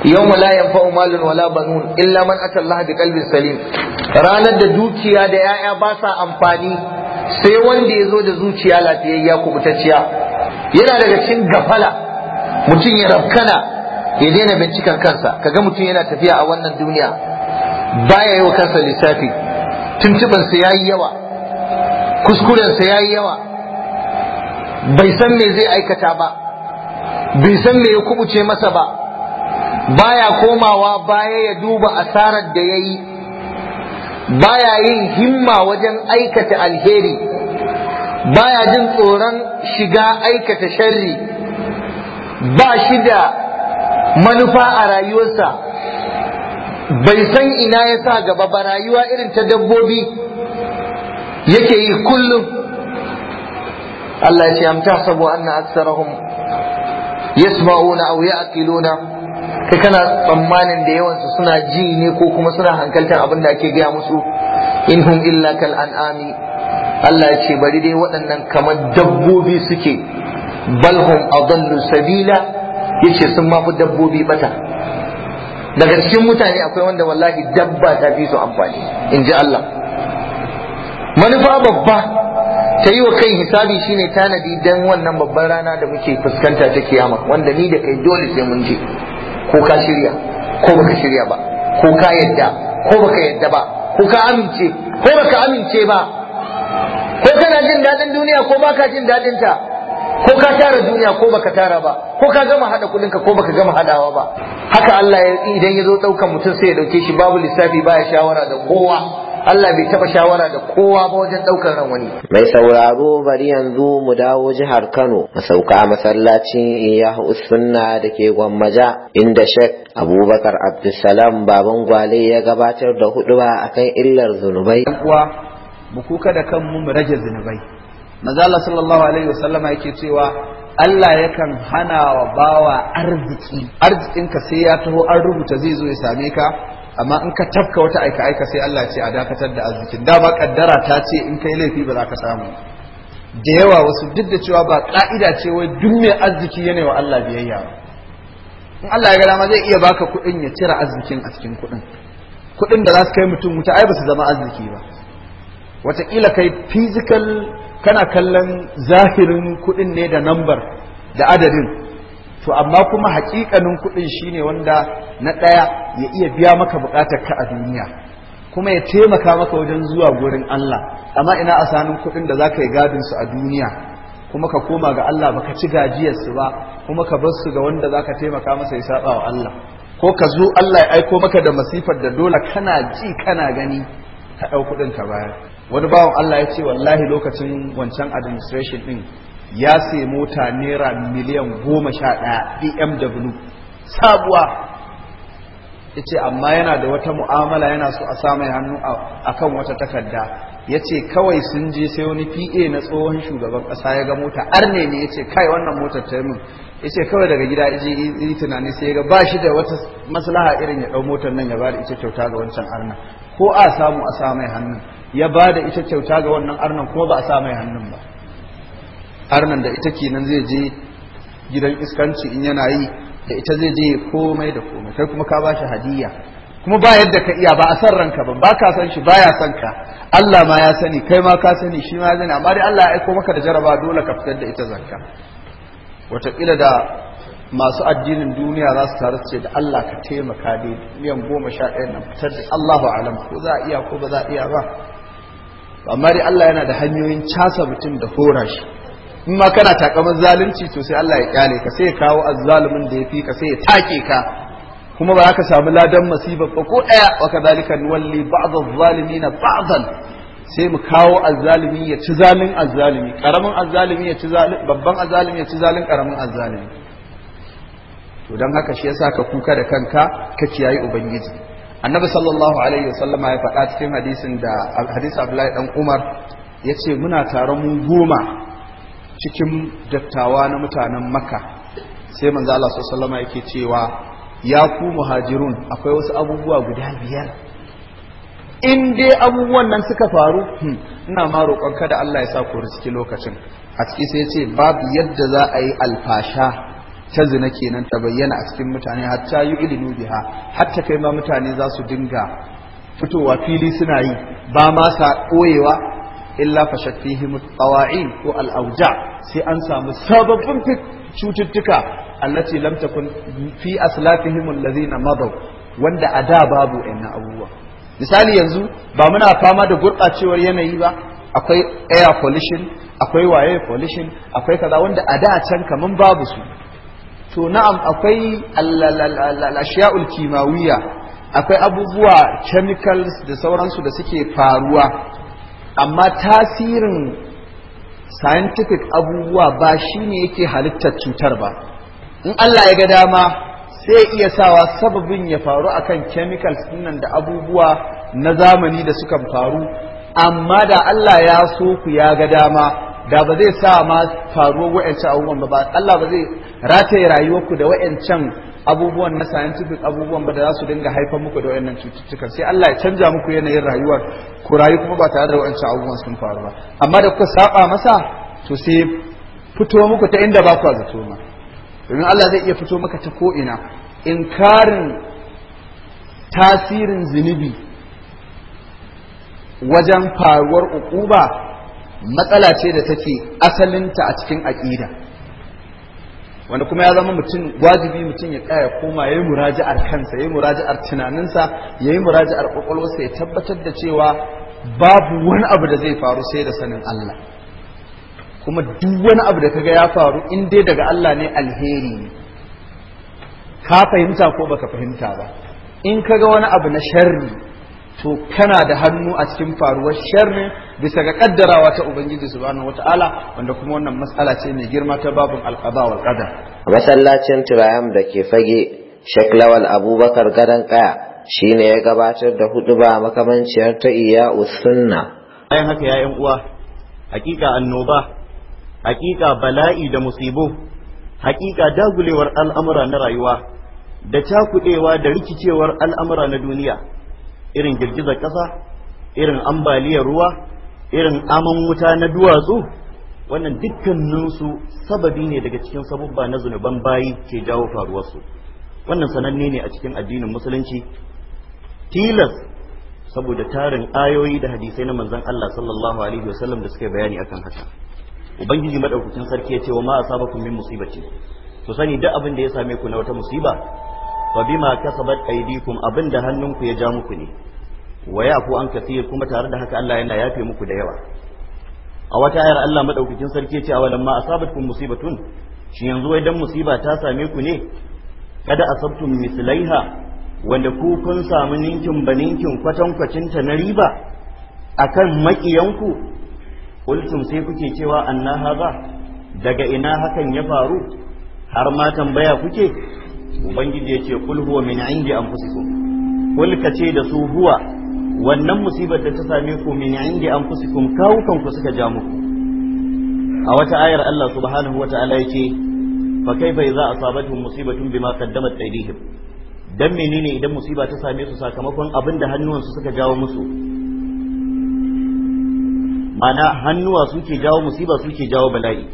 Yau la yanfa'u malun wala banun illa man ata Allah bi qalbin salim ranar da dukiya da yaya ba sa amfani sai wanda ya zo da zuciya lafiyayya kubutacciya yana daga cikin gafala mutum ya rabkana ya daina bincikan kansa kaga mutum yana tafiya a wannan duniya baya yi wa kansa lissafi tuntubansa ya yi yawa kuskurensa ya yi yawa bai san me zai aikata ba bai san me ya kubuce masa ba baya komawa baya ya duba asarar da ya yi baya yin himma wajen aikata alheri baya jin tsoron shiga aikata sharri ba shi da manufa a rayuwarsa bai san ina ya sa gaba ba rayuwa irin ta dabbobi yake yi kullum Allah ya ce am tahsabu anna aktsarahum yasma'una aw ya'qiluna kai kana tsammanin da yawansu suna ji ne ko kuma suna hankaltar abin da ake gaya musu in hum illa kal an'ami Allah ya ce bari dai waɗannan kamar dabbobi suke balhum adallu sabila yace sun mafi dabbobi bata daga cikin mutane akwai wanda wallahi dabba ta fi su amfani in ji Allah manufa babba ta yi wa kai hisabi shine tanadi dan wannan babban rana da muke fuskanta ta kiyama wanda ni da kai dole sai mun je ko ka shirya ko baka shirya ba ko ka yadda ko baka yadda ba ko ka amince ko baka amince ba ko kana jin dadin duniya ko baka jin daɗin ta ko ka tara duniya ko baka tara ba ko ka gama hada kudin ka ko baka gama hadawa ba haka Allah ya idan ya zo daukan mutum sai ya dauke shi babu lissafi baya shawara da kowa Allah bai taba shawara da kowa ba wajen ɗaukar ran wani mai sauraro bari yanzu mu dawo jihar Kano mu sauka masallacin Iyahu Sunna dake Gwammaja inda Sheikh Abubakar Abdulsalam baban gwale ya gabatar da huduba akan illar zunubai kuwa mu kuka da kanmu mu rage zunubai mazala sallallahu alaihi wasallama yake cewa Allah yakan hana wa bawa arziki arzikinka sai ya taho an rubuta zai zo ya same ka amma in ka tafka wata aika aika sai Allah ce a dakatar da arzikin dama kaddara ta ce in kai laifi ba za ka samu da yawa wasu duk da cewa ba ka'ida ce wai duk mai arziki yana wa Allah biyayya in Allah ya ga dama zai iya baka kuɗin ya cire arzikin a cikin kuɗin kuɗin da za su kai mutum wuta ai ba su zama arziki ba wataƙila kai physical kana kallon zahirin kuɗin ne da nambar da adadin to amma kuma haƙiƙanin kuɗin shine wanda na ɗaya ya iya biya maka buƙatar ka a duniya kuma ya taimaka maka wajen zuwa gurin Allah amma ina asanin kuɗin da za ka yi gadin su a duniya kuma ka koma ga Allah baka ci gajiyar su ba kuma ka bar su ga wanda zaka taimaka masa ya saba wa Allah ko ka zo Allah ya aiko maka da masifar da dole kana ji kana gani ka ɗau kuɗin ka bayar wani bawan Allah ya ce wallahi lokacin wancan administration din ya sai mota naira miliyan goma sha ɗaya BMW sabuwa ya ce amma yana da wata mu'amala yana so a samai hannu a kan wata takarda ya ce kawai sun je sai wani pa na tsohon shugaban ƙasa ya ga mota arne ne ya ce kai wannan motar ta min ya ce kawai daga gida ya je yi tunani sai ya ga ba shi da wata maslaha irin ya ɗau motar nan ya ba da ita kyauta ga wancan arna ko a samu a samai mai hannun ya ba da ita kyauta ga wannan arnan kuma ba a sa mai hannun ba arnan da ita kenan zai je gidan iskanci in yana yi da ita zai je komai da komai kai kuma ka ba shi hadiyya kuma ba yadda ka iya ba a san ranka ba ba ka san shi baya san ka Allah ma ya sani kai ma ka sani shi ma sani. amma dai Allah ya aiko maka da jaraba dole ka fitar da ita zakka wataƙila da masu addinin duniya za su taru ce da Allah ka taimaka dai miyan goma sha ɗaya nan fitar da Allahu alam ko za iya ko ba za iya ba amma dai Allah yana da hanyoyin casa mutum da hora shi in ma kana takamar zalunci to sai Allah ya kyale ka sai ya kawo azzalumin da yafi ka sai ya take ka kuma ba za ka samu ladan masibar ba ko ɗaya wa kadhalika nuwalli ba'd adh-dhalimin sai mu kawo azzalumi ya ci zalimin azzalimi karamin azzalimi ya ci zalin babban azzalimi ya ci zalin karamin azzalimi to dan haka shi yasa ka kuka da kanka ka kiyaye ubangiji annabi sallallahu alaihi wasallam ya faɗa cikin hadisin da hadisi abdullahi dan umar ya ce muna tare mu goma cikin dattawa na mutanen makka sai manzo Allah sallallahu alaihi yake cewa ya ku muhajirun akwai wasu abubuwa guda biyar in dai abubuwan nan suka faru hmm, ina ma roƙon kada Allah ya sa ku riski lokacin a ciki sai ce babu yadda za a yi alfasha ta zina kenan ta bayyana a cikin mutane hatta yi ilimin biha hatta kai ma mutane za su dinga fitowa fili suna yi ba ma sa koyewa illa fashat fihim tawa'in ko al'auja sai an samu sababbin cututtuka allati lam takun fi aslafihim na madaw wanda a da babu ina abubuwa misali yanzu ba muna fama da gurɓacewar yanayi ba akwai air pollution akwai waye pollution akwai kaza wanda a da can kaman babu su to na'am akwai al-ashiya'ul kimawiyya akwai abubuwa chemicals da sauransu da suke faruwa amma tasirin scientific abubuwa ba shi ne yake halittar cutar ba in Allah ya ga dama sai iya sawa sababin ya faru akan chemicals dinnan da abubuwa na zamani da sukan faru amma da Allah ya so ku ya ga dama da ba zai sa ma faruwar wa'ancan abubuwan ba Allah ba zai rataye rayuwarku da wa'ancan abubuwan na scientific abubuwan ba da za su dinga haifar muku da wa'annan cututtukan sai Allah ya canja muku yanayin rayuwar ku rayu kuma ba tare da wa'ancan abubuwan sun faru ba amma da kuka saba masa to sai fito muku ta inda ba ku zato ma domin Allah zai iya fito maka ta ko ina inkarin tasirin zunubi wajen faruwar ukuba matsala ce da take asalinta a cikin aƙida wanda kuma ya zama mutum wajibi mutum ya kaya koma ya yi muraja'ar kansa ya yi muraja'ar tunaninsa ya yi muraja'ar ƙwaƙwalwarsa ya tabbatar da cewa babu wani abu da zai faru sai da sanin Allah kuma duk wani abu da kaga ya faru in dai daga Allah ne alheri ne ka fahimta ko baka fahimta ba in kaga wani abu na sharri to kana da hannu a cikin faruwar sharri bisa ga kaddarawa ta ubangiji subhanahu wataala wanda kuma wannan matsala ce mai girma ta babun alqada wal qadar masallacin tirayam da ke fage shaklawal abubakar gadan kaya shine ya gabatar da huduba makamanciyar ta iya usunna bayan haka 'yan uwa hakika annoba hakika bala'i da musibo, hakika dagulewar al'amura na rayuwa da cakudewa da rikicewar al'amura na duniya irin girgizar ƙasa irin ambaliyar ruwa irin aman wuta na duwatsu wannan dukkaninsu sababi ne daga cikin sabubba na zunuban bayi ke jawo faruwarsu wannan sananne ne a cikin addinin musulunci tilas saboda tarin ayoyi da hadisai na manzon Allah sallallahu alaihi wasallam da suka bayani akan haka ubangiji madaukakin sarki ya ce wa ma asabakum min musibati to sani duk abin da ya same ku na wata musiba fa bima kasabat aydikum abinda hannunku ya ja muku ne waya yafu an kuma tare da haka Allah yana yafe muku da yawa a wata ayar Allah madaukakin sarki ya ce a ma asabatkum musibatun shi yanzu wai dan musiba ta same ku ne kada asabtum mislaiha wanda ku kun samu ninkin baninkin kwatankwacin ta na riba akan makiyanku kultum sai kuke cewa anna haza daga ina hakan ya faru har ma tambaya kuke ubangiji ya ce kul huwa min indi anfusikum kul ka ce da su huwa wannan musibar da ta same ku min indi anfusikum kawukan ku suka ja muku a wata ayar Allah subhanahu wataala yake fa kaifa idza asabatuhum musibatun bima qaddamat aydihim dan menene idan musiba ta same su sakamakon abin da hannuwansu suka jawo musu mana hannuwa suke jawo musiba suke jawo bala'i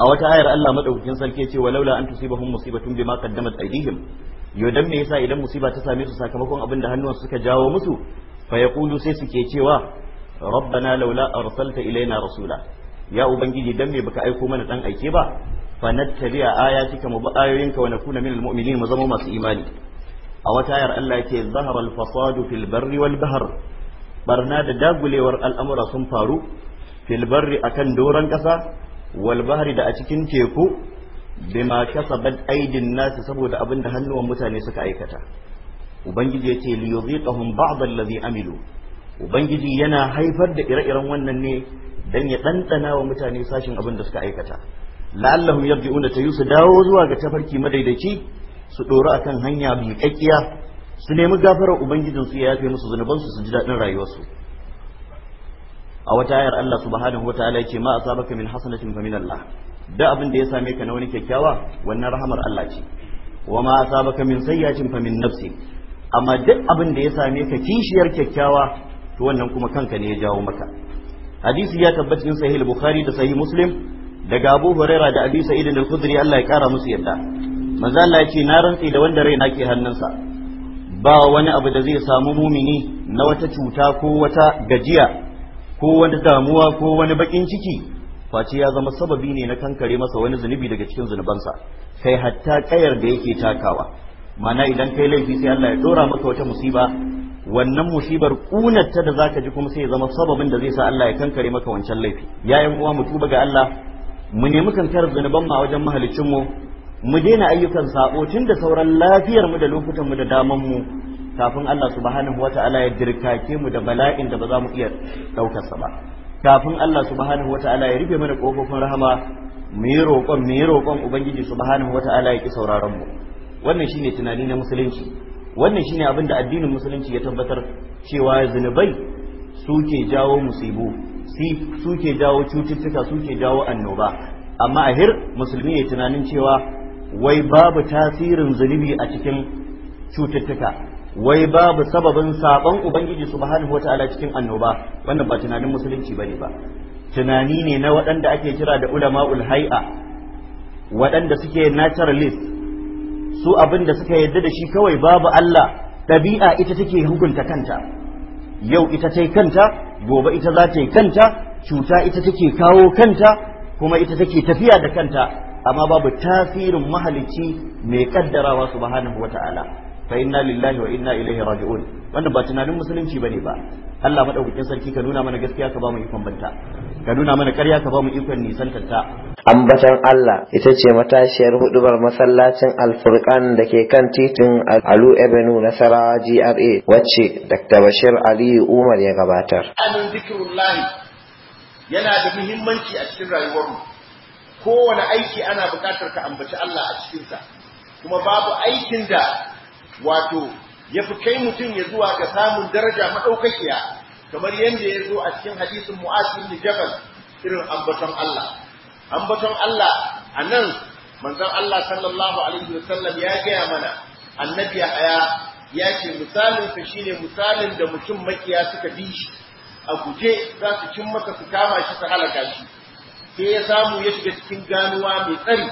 a wata ayar Allah madaukakin sarki ce walaula an tusibahum musibatun bima qaddamat aydihim yodan me yasa idan musiba ta same su sakamakon abin da hannuwansu suka jawo musu fa yaqulu sai suke cewa rabbana laula arsalta ilaina rasula ya ubangiji dan me baka aiko mana dan aike ba fa nattabi'a ayatika mu bi ayoyinka wa nakuna minal mu'minin mu zama masu imani a wata ayar Allah yake zahara al-fasadu fil barri wal bahr barna da dagulewar al'amura sun faru fil barri akan doran kasa wal da a cikin teku bima kasabat aidin nas saboda abinda hannuwan mutane suka aikata ubangiji yace li yuziqahum ba'd allazi amilu ubangiji yana haifar da ire-iren wannan ne dan ya ɗanɗana wa mutane sashin abin da suka aikata la'allahum yabdi'una ta su dawo zuwa ga tafarki madaidaici su dora akan hanya bi kakkiya su nemi gafarar ubangijin su ya yafe musu zunubansu su ji dadin rayuwarsu a wata ayar Allah subhanahu wa ta'ala yace ma asabaka min hasanatin fa min Allah da abin da ya same ka na wani kyakkyawa wannan rahamar Allah ce wa ma asabaka min sayyatin fa min nafsi amma duk abin da ya same ka kishiyar kyakkyawa to wannan kuma kanka ne ya jawo maka hadisi ya tabbata cikin sahih bukhari da sahih muslim daga abu huraira da abi sa'id al-khudri Allah ya kara musu yadda manzo Allah ya ce na rantsi da wanda raina ke hannunsa ba wani abu da zai samu mumini na wata cuta ko wata gajiya ko wani damuwa ko wani bakin ciki face ya zama sababi ne na kankare masa wani zunubi daga cikin zunubansa kai hatta kayar da yake takawa mana idan kai laifi sai Allah ya dora maka wata musiba wannan musibar kunarta da zaka ji kuma sai ya zama sababin da zai sa Allah ya kankare maka wancan laifi Ya yayin uwa mu tuba ga Allah mu nemi kankar zunuban mu a wajen mahalicin mu mu daina ayyukan sabo tun da sauran lafiyar mu da lokutan mu da daman mu kafin Allah subhanahu wata'ala ya dirkake mu da bala'in da ba za mu iya ɗaukarsa ba kafin Allah subhanahu wata'ala ya rufe mana kofofin rahama mu yi roƙon mu yi roƙon ubangiji subhanahu wata'ala ya ki sauraron mu wannan shine tunani na musulunci wannan shine abin da addinin musulunci ya tabbatar cewa zunubai suke jawo musibu suke jawo cututtuka suke jawo annoba amma ahir musulmi ya tunanin cewa wai babu tasirin zunubi a cikin cututtuka wai babu sababin saban ubangiji subhanahu wataala cikin annoba wannan ba tunanin musulunci bane ba tunani ne na waɗanda ake kira da ul hay'a waɗanda suke naturalist su abin da suka yarda da shi kawai babu Allah ɗabi'a ita take hukunta kanta yau ita ta kanta gobe ita za ta yi kanta cuta ita take kawo kanta kuma ita take tafiya da kanta amma babu tasirin mahalicci mai kaddarawa subhanahu wataala fa inna lillahi wa inna ilaihi raji'un wannan ba tunanin musulunci bane ba Allah madaukakin sarki ka nuna mana gaskiya ka ba mu ikon banta ka nuna mana ƙarya ka ba mu ikon nisan ta ambatan Allah ita ce matashiyar hudubar masallacin alfurkan da ke kan titin alu avenue nasara gra wacce dr bashir Ali umar ya gabatar amin zikrullahi yana da muhimmanci a cikin rayuwarmu kowane aiki ana buƙatar ka ambaci Allah a cikinsa kuma babu aikin da wato ya fi kai mutum ya zuwa ga samun daraja maɗaukakiya kamar yadda ya zo a cikin hadisin mu'asir da jabal irin ambaton Allah ambaton Allah a nan manzon Allah sallallahu alaihi wasallam ya gaya mana annabi aya ya ce misalin misalinsa shine misalin da mutum makiya suka bi shi a guje za su cin maka su kama shi su halaka shi sai ya samu ya shiga cikin ganuwa mai tsari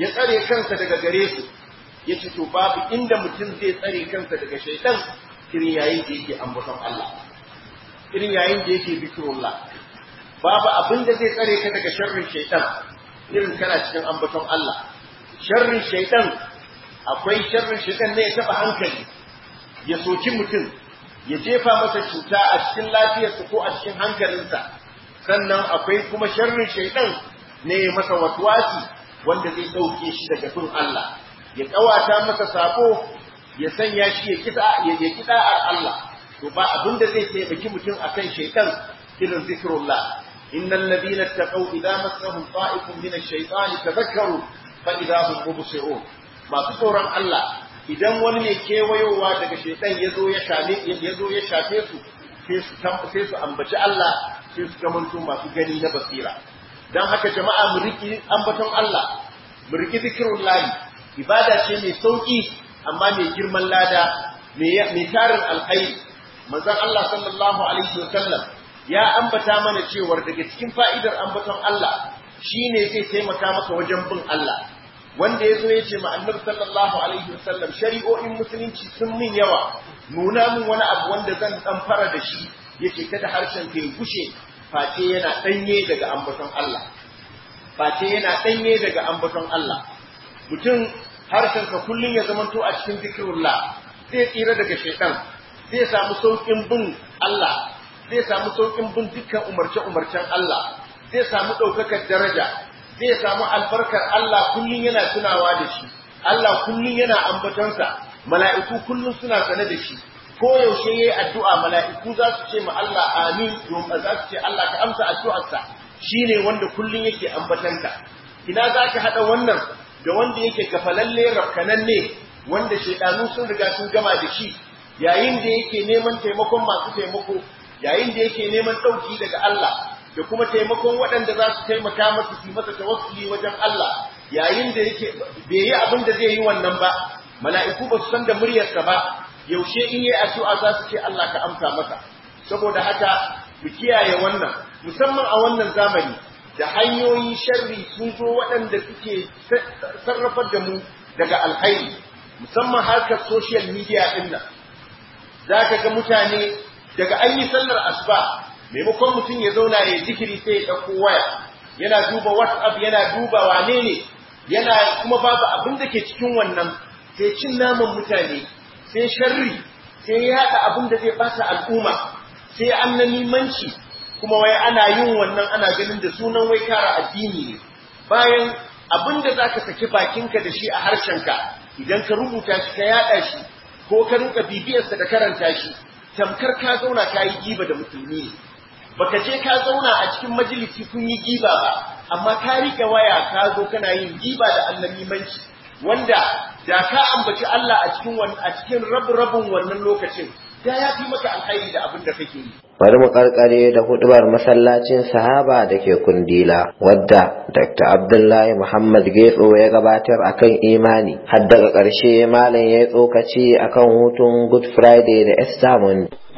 ya tsare kansa daga gare su ya ce to babu inda mutum zai tsare kansa daga shaidan irin yayin da yake ambaton Allah irin yayin da yake zikirullah babu abin da zai tsare ka daga sharrin shaidan irin kana cikin ambaton Allah sharrin shaidan akwai sharrin shaitan ne ya taba hankali ya soki mutum ya jefa masa cuta a cikin lafiyarsa ko a cikin hankalinsa sannan akwai kuma sharrin shaidan ne masa waswasi wanda zai dauke shi daga bin Allah ya kawata masa sako ya sanya shi ya kida ya kida Allah to ba abin da zai taimaki mutum akan shaytan irin zikrullah innal ladina taqaw idza massahum ta'ifun min ash-shaytani tadhakkaru fa idza hum mubsirun masu tsoron Allah idan wani ne kewayowa daga shaitan ya zo ya shafe su sai su ambaci Allah sai su gamanto masu gani na basira don haka jama'a mu riki ambaton Allah mu riki zikirun layi ibada ce mai sauƙi amma mai girman lada mai tarin alkhairi manzon Allah sallallahu alaihi wasallam ya ambata mana cewa daga cikin fa'idar ambaton Allah shine zai taimaka maka wajen bin Allah wanda yazo ya ce ma annabi sallallahu alaihi wasallam shari'o'in musulunci sun min yawa nuna min wani abu wanda zan dan fara da shi yake kada harshen ka gushe face yana danye daga ambaton Allah face yana danye daga ambaton Allah mutum ka kullum ya zamanto a cikin zikirullah zai tsira daga shaitan zai samu saukin bin Allah zai samu saukin bin dukkan umarce-umarcen Allah zai samu ɗaukakar daraja zai samu albarkar Allah kullum yana tunawa da shi Allah kullum yana ambatonsa mala'iku kullum suna sane da shi ko yaushe yayi addu'a mala'iku za su ce ma Allah amin domin za su ce Allah ka amsa addu'arsa shine wanda kullum yake ambatanka ina zaka hada wannan da wanda yake kafalalle rafkananne wanda shedanu sun riga sun gama da shi yayin da yake neman taimakon masu taimako yayin da yake neman dauki daga Allah da kuma taimakon waɗanda za su taimaka masa su masa tawassuli wajen Allah yayin da yake bai yi abin da zai yi wannan ba mala'iku ba su san da muryarsa ba yaushe in yi addu'a za su ce Allah ka amsa masa saboda haka mu kiyaye wannan musamman a wannan zamani da hanyoyin sharri sun zo waɗanda suke sarrafar da mu daga alkhairi musamman harkar social media ɗin nan za ka ga mutane daga an yi sallar asuba maimakon mutum ya zauna ya jikiri sai ya ɗauko waya yana duba whatsapp yana duba wane ne yana kuma babu abin da ke cikin wannan sai cin naman mutane sai sharri sai yaɗa abin da zai bata al'umma sai nimanci. kuma wai ana yin wannan ana ganin da sunan wai kara addini ne bayan abin da za ka saki bakinka da shi a harshen ka, idan ka rubuta shi ka yaɗa shi ko ka rinka bibiyarsa da karanta shi tamkar ka zauna ka yi giba da musulmi baka je ka zauna a cikin majalisi kun yi giba ba amma ka rike waya ka zo kana yin giba da annabimanci wanda da ka ambaci Allah a cikin a cikin rabu-rabun wannan lokacin da ya fi maka alkhairi da abin da kake yi bari mu karkare da hudubar masallacin sahaba da ke kundila wadda dr abdullahi muhammad getso ya gabatar a kan imani har daga ƙarshe malam ya yi tsokaci a kan hutun good friday da easter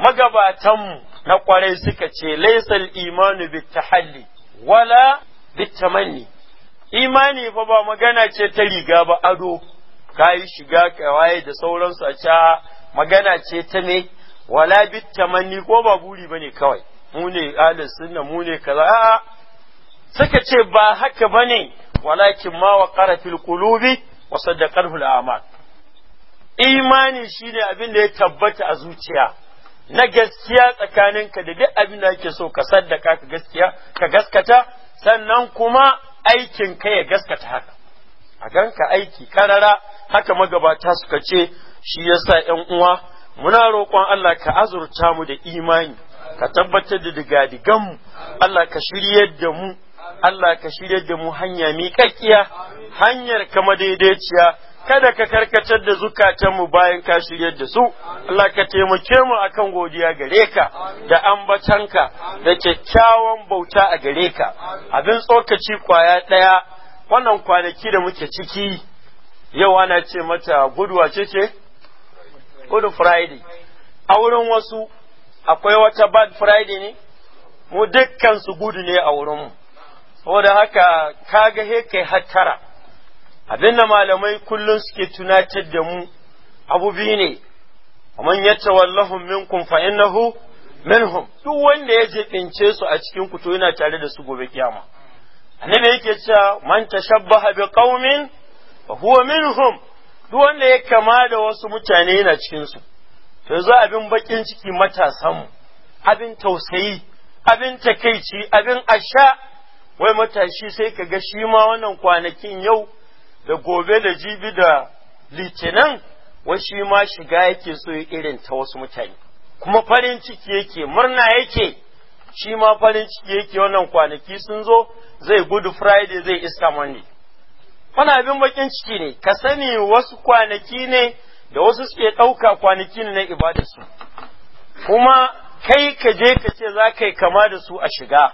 magabatanmu na kwarai suka ce laisal imanu bitahalli wala bitamanni imani fa ba magana ce ta riga ba ado kayi shiga kawaye da sauransu a ca magana ce ta me wala bit tamanni ko ba buri bane kawai mu ne ahlus sunna mu ne kaza suka ce ba haka bane walakin ma waqara fil qulubi wa saddaqahu al a'mal imani shine abin da ya tabbata a zuciya na gaskiya tsakanin ka da duk abin da ake so ka saddaka ka gaskiya ka gaskata sannan kuma aikin ka ya gaskata haka a ganka aiki karara haka magabata suka ce shi yasa yan uwa muna roƙon Allah ka azurta mu da imani ka tabbatar da digadigan mu Allah ka shiryar da mu Allah ka shiryar da mu hanya miƙaƙƙiya hanyar ka madaidaiciya kada ka karkatar da zukatanmu bayan ka shiryar da su Allah ka taimake mu akan godiya gare ka da ambatanka da kyakkyawan bauta a gare ka abin tsokaci kwaya ɗaya wannan kwanaki da muke ciki yau ana ce mata guduwa ce ce good friday a wurin wasu akwai wata bad friday ne mu dukkan su gudu ne a wurinmu saboda haka kaga he kai hattara abin da malamai kullum suke tunatar da mu abu biyu ne man yatta wallahu minkum fa innahu minhum duk wanda ya jibince su a cikin ku to yana tare da su gobe kiyama annabi yake cewa man tashabbaha bi qaumin fa huwa minhum duk wanda ya kama da wasu mutane yana cikinsu to za abin bakin ciki matasanmu abin tausayi abin takaici abin asha wai matashi sai ka ga shi ma wannan kwanakin yau da gobe da jibi da litinin wai shi ma shiga yake so ya irin ta wasu mutane kuma farin ciki yake murna yake shi ma farin ciki yake wannan kwanaki sun zo zai gudu friday zai iska monday wani abin bakin ciki ne ka sani wasu kwanaki ne da wasu suke ɗauka kwanaki ne na ibadarsu kuma kai ka je ka ce za ka yi kama da su a shiga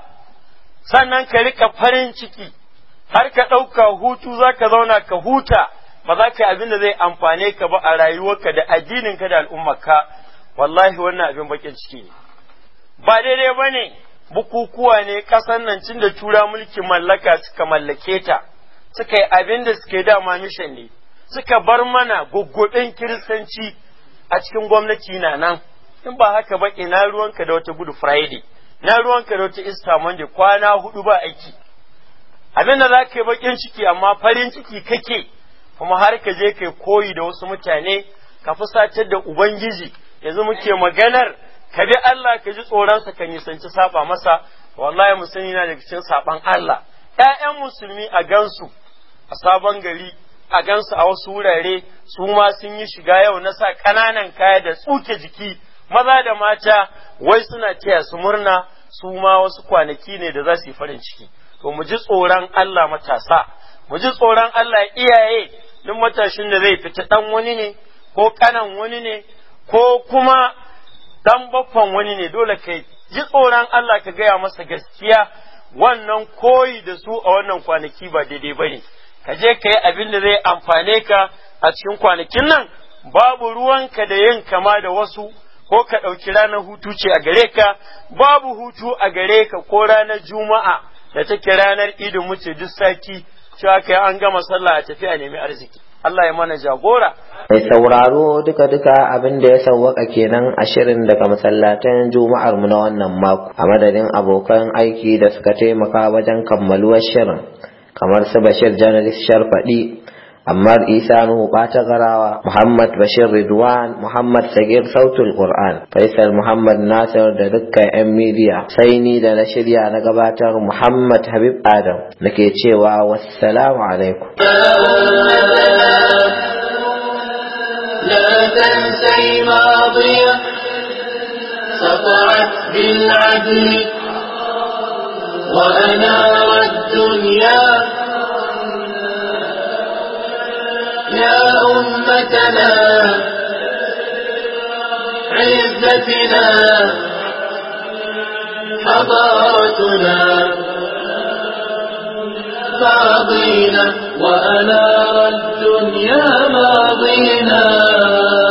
sannan ka rika farin ciki har ka ɗauka hutu za ka zauna ka huta ba za ka yi abin da zai amfane ka ba a rayuwarka da addinin ka da al'ummarka wallahi wannan abin bakin ciki ne ba daidai ba ne bukukuwa ne ƙasan nan cin da tura mulkin mallaka suka mallake ta suka yi abin da suka yi dama mishan ne suka bar mana gwaggwaɓen kiristanci a cikin gwamnati na nan in ba haka ba ina ruwanka da wata gudu friday na ruwanka da wata easter monday kwana hudu ba aiki abin da za ka yi bakin ciki amma farin ciki kake kuma har ka je kai koyi da wasu mutane ka fusatar da ubangiji yanzu muke maganar ka bi Allah ka ji tsoronsa ka nisanci saba masa wallahi musulmi na daga cikin saban Allah ƴaƴan musulmi a gansu a sabon gari a gansu a wasu wurare su ma sun yi shiga yau na sa ƙananan kaya da tsuke jiki maza da mata wai suna taya su murna su ma wasu kwanaki ne da za su yi farin ciki to mu ji tsoron Allah matasa mu ji tsoron Allah iyaye duk matashin da zai fita dan wani ne ko kanan wani ne ko kuma dan baffan wani ne dole kai ji tsoron Allah ka gaya masa gaskiya wannan koyi da su a wannan kwanaki ba daidai bane ka je ka yi abin da zai amfane ka a cikin kwanakin nan babu ruwanka da yin kama da wasu ko ka ɗauki ranar hutu ce a gare ka babu hutu a gare ka ko ranar juma'a da take ranar idin muce duk sati cewa kai an gama sallah a tafi a nemi arziki Allah ya mana jagora. Mai sauraro duka-duka abin da ya sauwaka kenan a shirin daga masallatan juma'ar mu na wannan mako a madadin abokan aiki da suka taimaka wajen kammaluwar shirin. kamar sa bashir journalist sharfadi ammar isa nuhu ɓata garawa muhammad bashir ridwan muhammad sagir sautul qur'an faisal muhammad nasir da dukkan yan media sai ni da na shirya na gabatar muhammad habib adam nake cewa wassalamu alaikum لا تنسي ماضية سطعت بالعدل وأنار الدنيا يا أمتنا عزتنا حضارتنا ماضينا وأنار الدنيا ماضينا